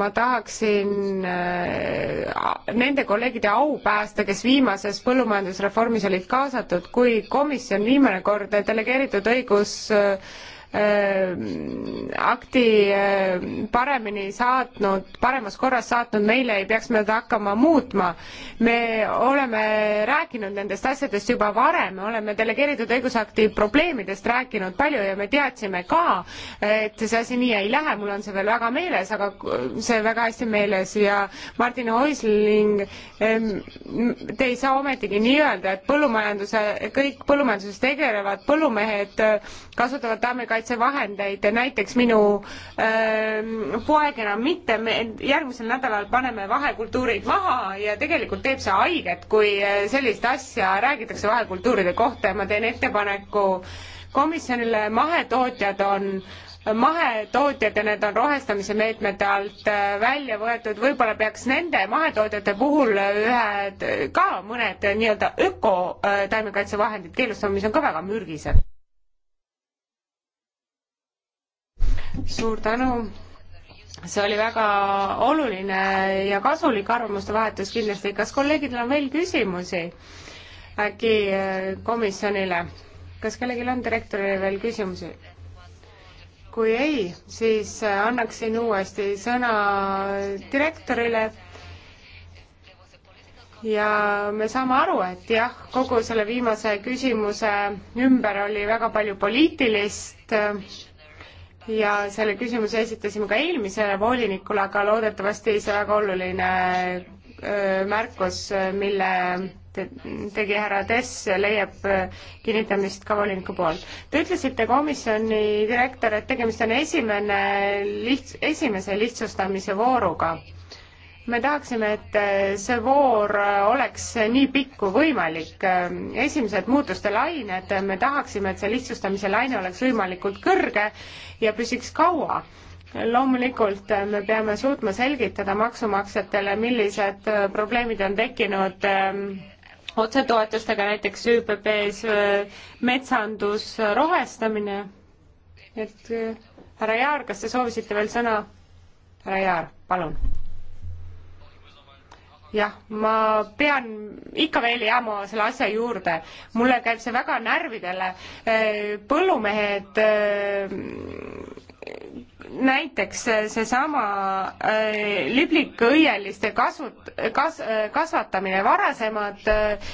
ma tahaksin äh, nende kolleegide au päästa, kes viimases põllumajandusreformis olid kaasatud, kui komisjon viimane kord delegeeritud õigus äh, Äh, akti äh, paremini saatnud, paremas korras saatnud meile, ei peaks me seda hakkama muutma. me oleme rääkinud nendest asjadest juba varem, oleme delegeeritud õigusakti probleemidest rääkinud palju ja me teadsime ka, et see asi nii ei lähe, mul on see veel väga meeles, aga see väga hästi meeles ja Martin Häusling, ähm, te ei saa ometigi nii öelda, et põllumajanduse, kõik põllumajanduses tegelevad põllumehed äh, kasutavad taimekaitse isikukaitsevahendeid, näiteks minu öö, ähm, poeg enam mitte, me järgmisel nädalal paneme vahekultuurid maha ja tegelikult teeb see haiget, kui äh, sellist asja räägitakse vahekultuuride kohta ja ma teen ettepaneku komisjonile, mahetootjad on mahetootjad ja need on rohestamise meetmete alt äh, välja võetud, võib-olla peaks nende mahetootjate puhul äh, ühed ka mõned nii-öelda ökotaimekaitsevahendid keelustama, mis on ka väga mürgised. suur tänu. see oli väga oluline ja kasulik arvamuste vahetus kindlasti. kas kolleegidel on veel küsimusi äkki äh, komisjonile? kas kellelgi on direktorile veel küsimusi? kui ei, siis äh, annaksin uuesti sõna direktorile ja me saame aru, et jah, kogu selle viimase küsimuse ümber oli väga palju poliitilist äh, ja selle küsimuse esitasime ka eelmisele volinikule, aga loodetavasti see väga oluline märkus, mille tegi härra Tess, leiab kinnitamist ka voliniku poolt. Te ütlesite komisjoni direktor, et tegemist on esimene liht-, esimese lihtsustamise vooruga me tahaksime, et eh, see voor eh, oleks nii pikk kui võimalik. Eh, esimesed muutuste lained, me tahaksime, et see lihtsustamise laine oleks võimalikult kõrge ja püsiks kaua. loomulikult me peame suutma selgitada maksumaksjatele, millised probleemid on tekkinud otsetoetustega, näiteks ÜPP-s metsandus, rohestamine. et härra Jaar, kas te soovisite veel sõna? härra Jaar, palun jah, ma pean ikka veel jääma selle asja juurde. mulle käib see väga närvidele. põllumehed näiteks seesama äh, liblikõieliste kasvut-, kas- äh,, kasvatamine, varasemad äh,,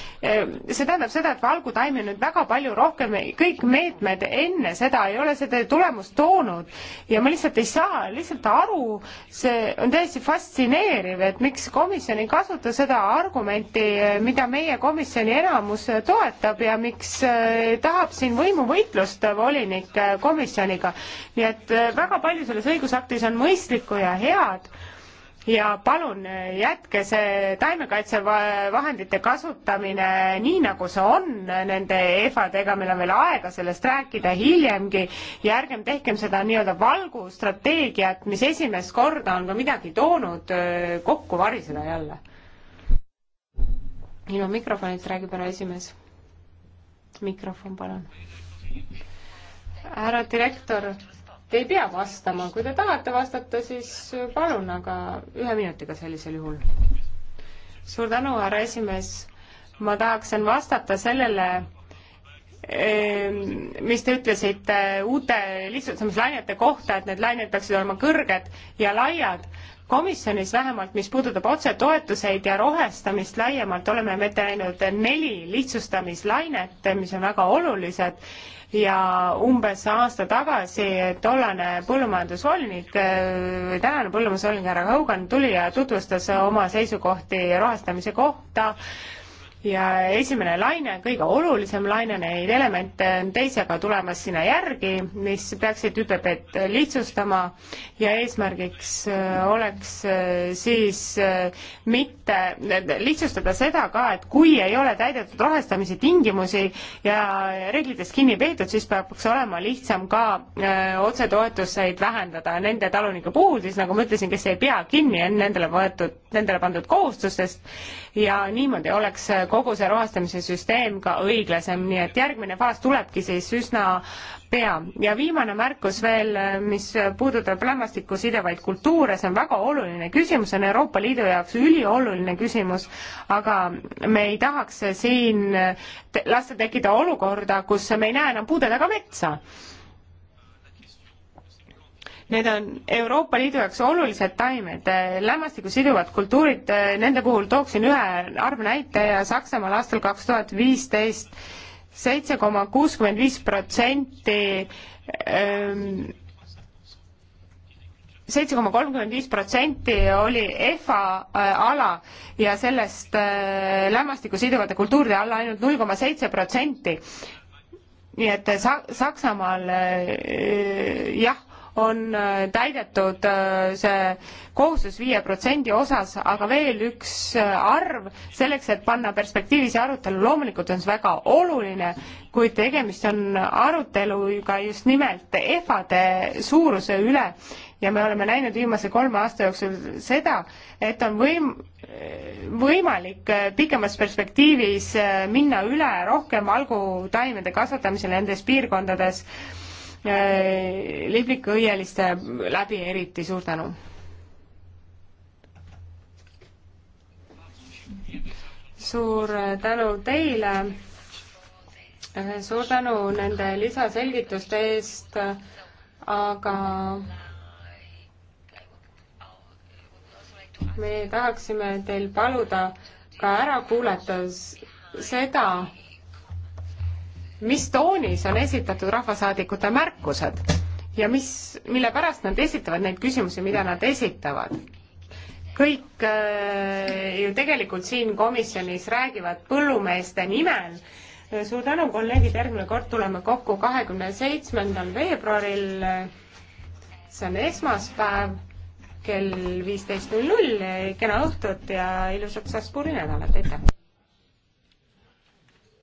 see tähendab seda, et valgutaimi on nüüd väga palju rohkem, kõik meetmed enne seda ei ole seda tulemust toonud ja ma lihtsalt ei saa lihtsalt aru, see on täiesti fascineeriv, et miks komisjon ei kasuta seda argumenti, mida meie komisjoni enamus toetab ja miks äh, tahab siin võimuvõitlust volinik äh, komisjoniga. nii et äh, väga palju selles õigusaktis on mõistlikku ja head ja palun jätke see taimekaitsevahendite kasutamine nii, nagu see on nende EFA-dega, meil on veel aega sellest rääkida hiljemgi ja ärgem tehkem seda nii-öelda valgustrateegiat, mis esimest korda on ka midagi toonud, äh, kokku variseda jälle. ilma mikrofonita räägib härra esimees. mikrofon, palun. härra direktor Te ei pea vastama, kui te tahate vastata, siis palun, aga ühe minutiga sellisel juhul. suur tänu, härra esimees. ma tahaksin vastata sellele, ehm, mis te ütlesite uute lihtsustamislainete kohta, et need lained peaksid olema kõrged ja laiad. komisjonis vähemalt, mis puudutab otsetoetuseid ja rohestamist laiemalt, oleme me ette näinud neli lihtsustamislainet, mis on väga olulised ja umbes aasta tagasi tollane põllumajandusvolinik, äh, tänane põllumajandusvolinik härra Haugan tuli ja tutvustas oma seisukohti rahastamise kohta ja esimene laine, kõige olulisem laine, neid elemente on teisega tulemas sinna järgi, mis peaksid ÜPP-d lihtsustama ja eesmärgiks äh, oleks äh, siis äh, mitte lihtsustada seda ka, et kui ei ole täidetud rohestamise tingimusi ja reeglitest kinni peetud, siis peaks olema lihtsam ka otsetoetuseid vähendada nende talunike puhul siis, nagu ma ütlesin, kes ei pea kinni nendele võetud, nendele pandud kohustustest ja niimoodi oleks kogu see rahastamise süsteem ka õiglasem, nii et järgmine faas tulebki siis üsna pea. ja viimane märkus veel, mis puudutab lämmastikku sidevaid kultuure, see on väga oluline küsimus, see on Euroopa Liidu jaoks ülioluline küsimus, aga me ei tahaks siin te lasta tekkida olukorda, kus me ei näe enam puude taga metsa Need on Euroopa Liidu jaoks olulised taimed, lämmastikku siduvad kultuurid, nende puhul tooksin ühe arvnäitaja Saksamaal aastal kaks tuhat viisteist seitse koma kuuskümmend viis protsenti ähm, seitse koma kolmkümmend viis protsenti oli EFA äh, ala ja sellest äh, lämmastikku siduvate kultuuride alla ainult null koma seitse protsenti. nii et Sa-, Saksamaal äh, jah, on äh, täidetud äh, see kohustus viie protsendi osas, aga veel üks äh, arv selleks, et panna perspektiivi see arutelu, loomulikult on see väga oluline, kuid tegemist on aruteluga just nimelt EFA-de suuruse üle ja me oleme näinud viimase kolme aasta jooksul seda, et on võim-, võimalik pikemas perspektiivis minna üle rohkem algutaimede kasvatamisele nendes piirkondades Äh, liblikõieliste läbi eriti suur tänu. suur äh, tänu teile, äh, suur tänu nende lisaselgituste eest, aga me tahaksime teil paluda ka ära kuulata seda, mis toonis on esitatud rahvasaadikute märkused ja mis, mille pärast nad esitavad neid küsimusi, mida nad esitavad. kõik äh, ju tegelikult siin komisjonis räägivad põllumeeste nimel. suur tänu, kolleegid, järgmine kord tuleme kokku kahekümne seitsmendal veebruaril. see on esmaspäev kell viisteist null null, kena õhtut ja ilusat Strasbourgi nädalat, aitäh!